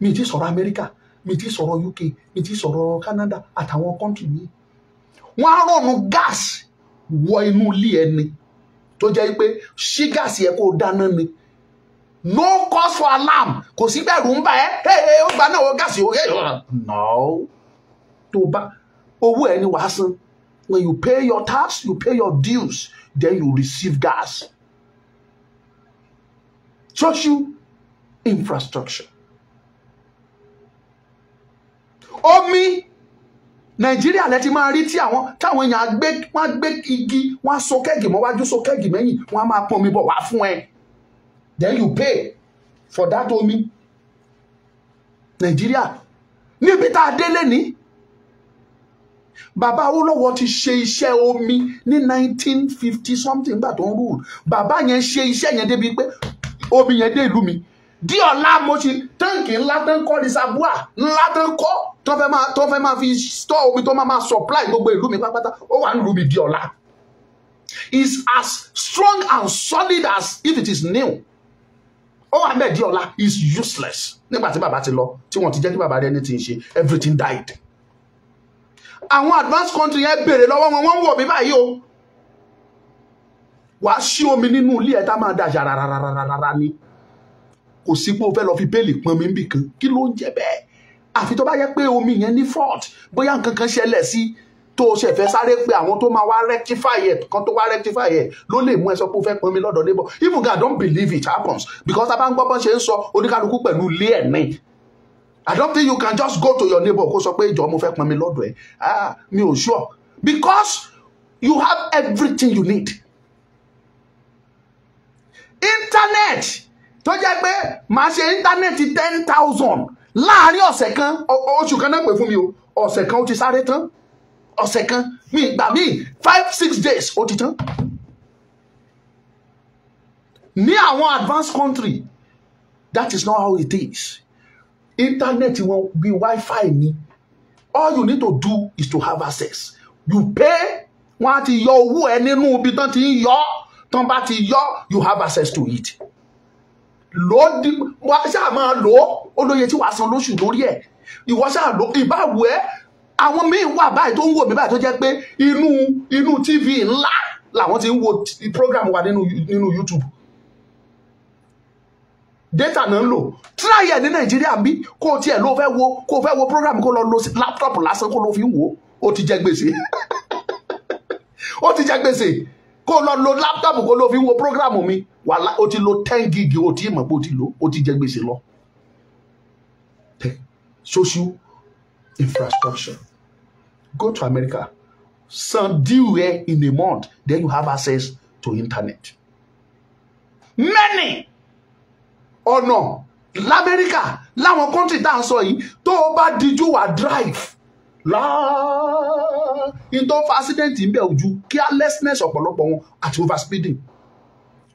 mi ti sọ̀rọ̀ America mi ti sọ̀rọ̀ UK mi ti sọ̀rọ̀ Canada àtàwọn kọ́ńtì yìí wọ́n á rònú gáàsì wọ inú ilé ẹni tó jẹ́ pé ṣí gáàsì ẹ̀ kó dáná ni no cause for alarm kò sí bẹ̀rù ń bà ẹ́ ó gba náà wọ gáàsì ó yẹ no tó bá owó ẹ ni wàá san When you pay your tax, you pay your dues, then you receive gas. Social infrastructure. Omi Nàìjíríà lẹ ti máa rí tí àwọn táwọn èèyàn gbé wọn gbé igi wọn so kẹ́gì mọ́wájú so kẹ́gì mẹ́yìn wọn máa pọn omi bọ̀ wá fún ẹ. Then you pay for that omi. Nàìjíríà níbi tá a délé ní bàbá Awólọ́wọ̀ ti ṣe iṣẹ́ omi ní nineteen fifty something gbà tó ń rúùlù bàbá yẹn ṣe iṣẹ́ yẹn débi pé omi yẹn dé ìlú mi dí ọ̀la mo ṣe táǹkì ńlá tó ń kọ́ reservoir ńlá tó kọ́ tó fẹ́ máa fi store omi tó máa máa supply gbogbo ìlú mi pátápátá ó wà nílùú mi dí ọ̀la is as strong and solid as if it is new ó wà mẹ́ẹ̀dí ọ̀la is useless nígbà tí bàbá ti lọ tí wọ́n ti jẹ́ kí bàbá rẹ̀ ní ti ṣe everything died àwọn advanced country yẹn béèrè lọ́wọ́ wọn wọ́n ń wọ̀ mí báyìí o wàá ṣí omi nínú ilé ẹ̀ tá máa dàjà rárárárá ni kò sí pé o fẹ́ lọ fi bẹ́ẹ̀lì pọn mi níbì kan kí ló ń jẹ bẹ́ẹ̀ àfi tó bá yẹ pé omi yẹn ní fault bóyá nǹkan kan ṣẹlẹ̀ sí tó o ṣe fẹ́ sáré pé àwọn tó máa wá rectify ẹ̀ kan tó wá rectify ẹ̀ ló lè mú ẹ sọ pé o fẹ́ pọn mi lọ́dọ̀ labour even God don't believe it happens because tá a bá ń gbọ́ bọ́n ṣe ń sọ oníkálukú pẹ̀lú ilé ẹ̀ náà I don't think you can just go to your neighbor kó sọ pé ìjọ mo fẹ́ pọn mi lọ́dọ̀ ẹ̀ ah mi ò sure because you have everything you need. internet tó jẹ́ pé màá ṣe internet ten thousand láàárín ọ̀sẹ̀ kan oṣù kan náà pè fún mi o ọ̀sẹ̀ kan ó ti sáré tán ọ̀sẹ̀ kan mi ìgbà mi five six days ó ti tán. ní àwọn advanced country that is not how it is. Internet wọn be wi-fi ni all you need to do is to have access you pay wọ́n á ti yọ owó ẹ nínú ibi tán ti ń yọ tán bá ti yọ you have access to it lò ó di wá ṣáà máa lò ó olóye tí wàá san lóṣù lórí ẹ ìwọ ṣáà lò ìbáwò ẹ àwọn míín wà báyìí tó ń wò mí báyìí tó jẹ́ pé inú inú tv ńlá làwọn ti ń wo program wa nínú nínú youtube data náà ń lò try ẹ̀ ní nàìjíríà bí kó o tiẹ̀ ló fẹ́ wo kó fẹ́ wo program kó o lọ lo laptop lásán kó o lọ fi ń wò ó ti jẹ gbèsè ó [LAUGHS] ti jẹ gbèsè kó lọ lo laptop kó o lọ fi wo program mi wàhálà o ti lo ten gig o ti mọ̀ pé o ti lo o ti jẹ gbèsè lọ social infrastructure go to America san deal here in a month then you have access to internet many ọ̀nà lamẹ́ríkà láwọn kọ́ńtì tá à ń sọ yìí tó o bá dijú wà drive láàá in tó fa accident ń bẹ̀ ojú carelessness ọ̀pọ̀lọpọ̀ wọn àti over speeding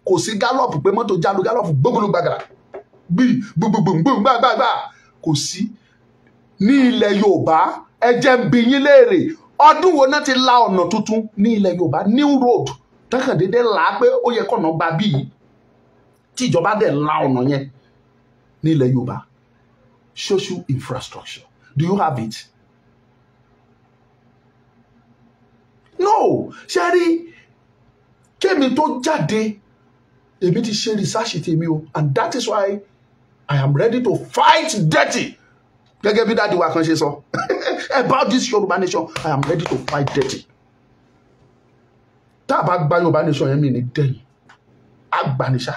kò sí gallop pé mọ́tò jálu gallop gbógbónú gbàgàrà bíi gbogbogbò gbàgbàgbà kò sí ní ilẹ̀ yorùbá ẹ jẹ́ ń bi yín léèrè ọdún wo náà ti la ọ̀nà tuntun ní ilẹ̀ yorùbá new road tẹ́kàn déédéé là á pé ó yẹ kọ̀nà gba bíi tí ìjọba dẹ̀ la ọ̀nà yẹn nílẹ̀ Yorùbá social infrastructure do you have it? no ṣe rí kémi tó jáde èmi ti ṣe research tèmi o and that is why I am ready to fight dirty gẹ́gẹ́ bí dáàdi wa kan ṣe sọ [LAUGHS] about this Yorùbá nation I am ready to fight dirty tá a bá gba Yorùbá nation yẹn mi ní dẹ́yìn agbanisa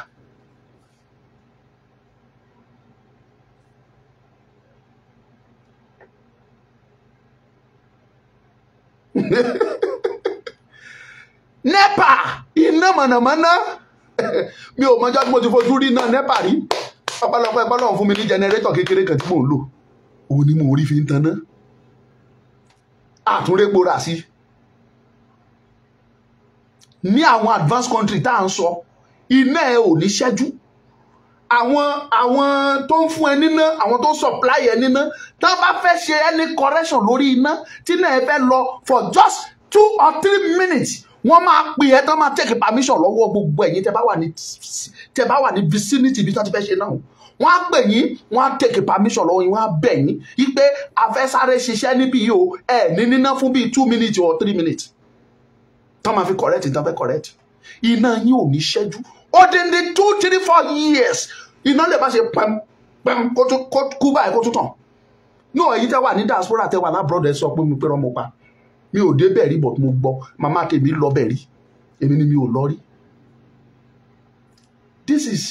[LAUGHS] nepa iná mọ̀nàmọ́ná [LAUGHS] mi ò mọjọ́ tí mo ti fojú rí náà nepa rí ọ̀pọ̀lọpọ̀ ẹ̀pọ̀ lọ́hùn fún mi ní jẹnẹrétọ̀ kékeré kan tí mò ń lò òun ni mo rí fi ń tanná àtúndépo rà sí ní àwọn advanced country tá à ń sọ iná ẹ ò ní ṣẹ́jú àwọn àwọn tó ń fún ẹ níná àwọn tó ń supply ẹ níná tí wọ́n bá fẹ́ ṣe any correction lórí iná tí náà ẹ fẹ́ lọ for just two or three minutes wọ́n máa pè ẹ́ tán máa take permission lọ́wọ́ gbogbo ẹ̀yin tẹ́ bá wà ní tẹ́ bá wà ní vicinity ibi tí wọ́n ti fẹ́ ṣe náà wọ́n á pè yín wọ́n á take permission lọ́wọ́ yín wọ́n á bẹ̀ yín wípé afẹ́sáré ṣiṣẹ́ níbí yìí o ẹ̀ ní níná fún bíi two minutes or three minutes tán máa fi correct tán fẹ́ correct iná yín ò ní ṣẹ́jú ó dín ní two three four years iná lè bá ṣe pẹm pẹm kó tún kú báyìí kó tún tàn náà èyí tẹ́ wà ní diaspora tẹ́ wà lábúrọ̀dẹ̀ sọ pé mo pẹ́rọ mo pa mi ò dé bẹ̀rí but mo gbọ́ màmá tèmi lọ bẹ̀rí èmi ni mi ò lọ rí this is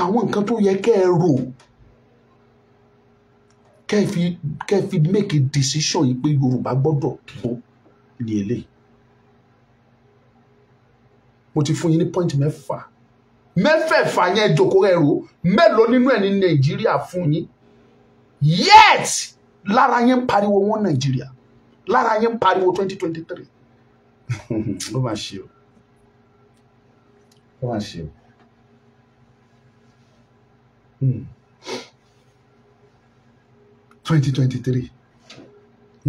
àwọn nǹkan tó yẹ kẹ́ ẹ rò kẹ́ ẹ fi kẹ́ ẹ fi make a decision yìí pé Yorùbá gbọ́dọ̀ kó ní eléyìí mo ti fún yín ní point mẹ́fà mẹ́fẹ̀ẹ̀fà yẹn jòkó ẹrù mélòó nínú ẹ̀ ní nàìjíríà fún yín yet lára yẹn ń pariwo wọn nàìjíríà lára yẹn ń pariwo twenty twenty three ó máa ṣe o ó máa ṣe o. Hmm. twenty twenty three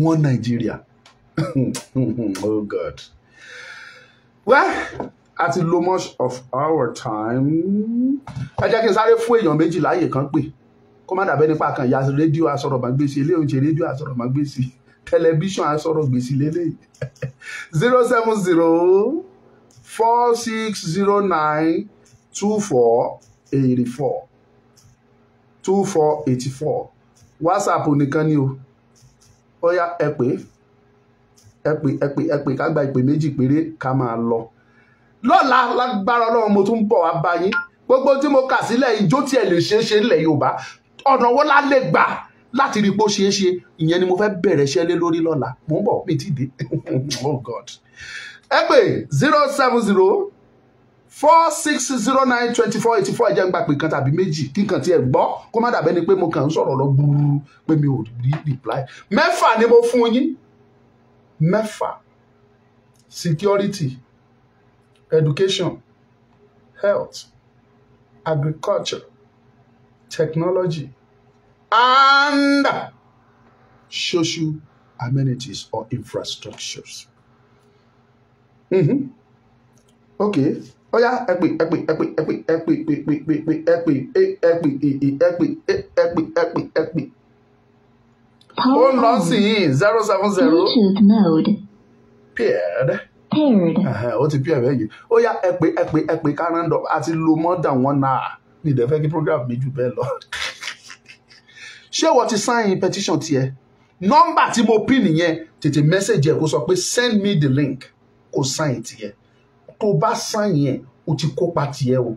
wọn nàìjíríà [LAUGHS] oh god well a ti lo much of our time. ẹ jẹ́ kí n sáré fún èèyàn méjì láàyè kan pè kó má dàbẹ́ nípa kan ìyá rédíò asọ̀rọ̀mágbèsì eléyìí ń ṣe rédíò asọ̀rọ̀mágbèsì tẹlẹbíṣàn asọ̀rọ̀gbèsì lélẹ́yìí [LAUGHS] zero seven zero four six zero nine two four eighty four two four eighty four whatsapp nìkan ni o ó yá ẹ pè é ẹ pè ẹ pè ẹ pè ká gba ìpè méjì péré ká máa lọ lọ́la lágbára ọlọ́run mo tún ń bọ̀ wá bá yín gbogbo tí mo kà sílẹ̀ ìjó tiẹ̀ lè ṣeé ṣe nílẹ̀ yorùbá ọ̀nà wo la lè gbà láti rí pé ó ṣeé ṣe ìyẹn ni mo fẹ́ bẹ̀rẹ̀ iṣẹ́ lé lórí lọ́la mo ń bọ̀ mi ti dé [LAUGHS] oh god ẹ pè zero seven zero four six zero nine twenty four eighty four ẹ̀jẹ̀ ń gba pé kan tàbí méjì kí nǹkan tiẹ̀ gbọ́ kó má dàbẹ́ ni pé mo kàn ń sọ̀rọ̀ lọ gbúrú pé mi ò rí reply mẹ́fà ni mo fún yín mẹ́fà security education, health, agriculture, technology, and social amenities or infrastructures. Mm-hmm. Okay. Ó yá ẹ pè ẹ pè ẹ pè ẹ pè ẹ pè pè pè pè pè ẹ pè ẹ ẹ pè ẹ pè ẹ pè ẹ pè ẹ pè ẹ pè. Ó ń lọ sí yìí zero seven zero. Bluetooth mode. Paired paired. ó ti pí ẹ̀rẹ́ yìí ó yá ẹ pé ẹ pé ẹ up àti lo more than one hour ní ìdẹ́fẹ́ kí program mi jù bẹ́ẹ̀ lọ. [LAUGHS] ṣé wọ́n ti sign petition tiẹ̀ nọ́mbà tí mo pín nìyẹn tètè mẹ́sẹ̀jì ẹ̀ kó sọ pé send me the link kó sign tiẹ̀ tó bá sign yẹn o ti kópa tiẹ̀ o.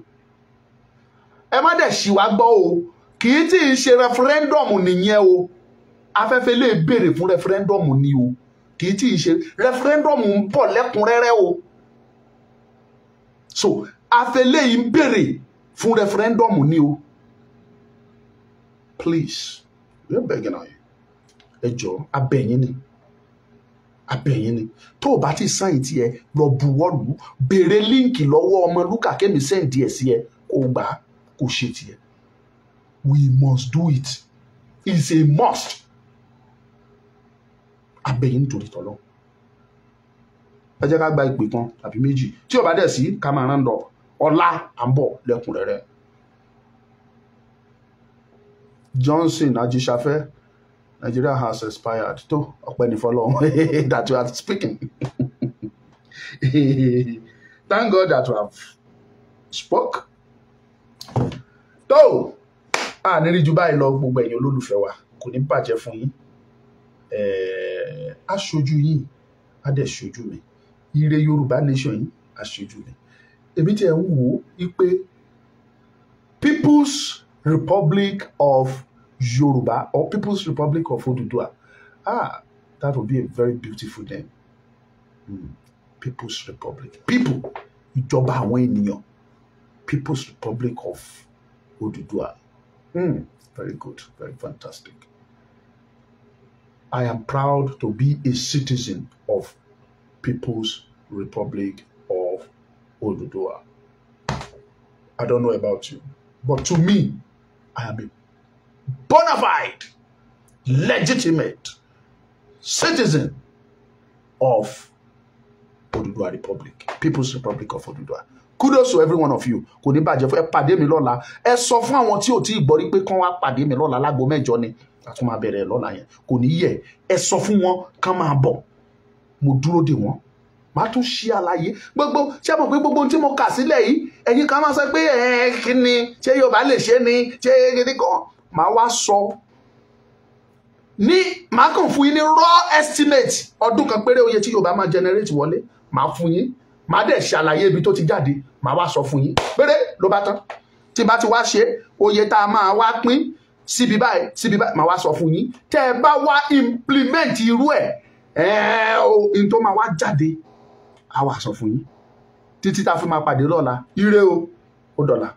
ẹ má dẹ̀ ṣì wá gbọ́ o kì í tí ì ṣe referendum nìyẹn o afẹ́fẹ́ lè béèrè fún referendum ni o kì í tí ì ṣe referendum ń bọ̀ lẹ́kùnrẹ́rẹ́ o so afẹ́lẹ́ yìí ń béèrè fún referendum ni o please we are begging you ẹ jọ abẹ́yìn ni abẹ́yìn ni tó o bá ti sáyìn tí ẹ lọ buwọ́lù béèrè líǹkì lọ́wọ́ ọmọ lúkà kémi sẹ́ǹdì ẹ̀ sí ẹ kó gbà á ṣe tiẹ̀ we must do it it's a must abẹ́yìn nítorí tọ́lọ́ ẹ jẹ́ ká gba ìpè kan tàbí méjì tí ò bá dẹ̀ sí ká máa rán lọ ọlá à ń bọ̀ lẹ́kùnrẹ́rẹ́ Johnson Ajíṣafẹ́ Nigeria has expired tó ọpẹ́ ní fọ́lọ́run [LAUGHS] that you are speaking [LAUGHS] thank God that you have spoke tó àníríjú báyìí lọ gbogbo ẹ̀yin olólùfẹ́ wa kò ní bàjẹ́ fún yín. Eh, aṣojú yìí á dẹ̀ ṣojú mi ire yorùbá nation yìí á ṣojú mi èmi tí ẹ ń wò ó wípé people's republic of yorùbá or people's republic of oduduwa ah that would be a very beautiful name mm. people's republic people ìjọba àwọn ènìyàn people's republic of oduduwa mm. very good very fantastic. I am proud to be a citizen of People's Republic of Oduduwa. I don't know about you, but to me, I am a bona fide, legitimate citizen of Oduduwa Republic, People's Republic of Oduduwa. kudos to every one of you kò ní bàjẹ́ fún ẹ pàdé mi lọ́la ẹ sọ fún àwọn tí ò tí ì gbọ́ mi lọ́la lágbo mẹ́jọ ni a tún máa bẹ̀rẹ̀ lọ́la yẹn kò ní yẹ ẹ sọ fún wọn kán máa bọ̀ mo dúró dè wọ́n màá tún ṣí àlàyé gbogbo ṣé mo pé gbogbo tí mo kà sílẹ̀ yìí ẹ̀yin kan máa sọ pé ẹ̀ kí ni ṣé Yorùbá lè ṣe ni ṣé gidi kan màá wá sọ ní màá kàn fún yín ní raw estimate ọdún kan péré oye tí Yorùbá máa generate wọlé màá fún yín màá dẹ̀ ṣàlàyé ibi tó ti jáde màá wá sọ fún yín péré ló bá tán tí bá ti wá ṣe oye tá a máa wá pín síbi báyìí síbi báyìí màá wá sọ fún yín tẹ́ ẹ bá wá implement irú ẹ̀ ẹ̀ o n tó máa wá jáde á wá sọ fún yín títí tá a fi máa pàdé lọ́la ire o ó dọ̀la.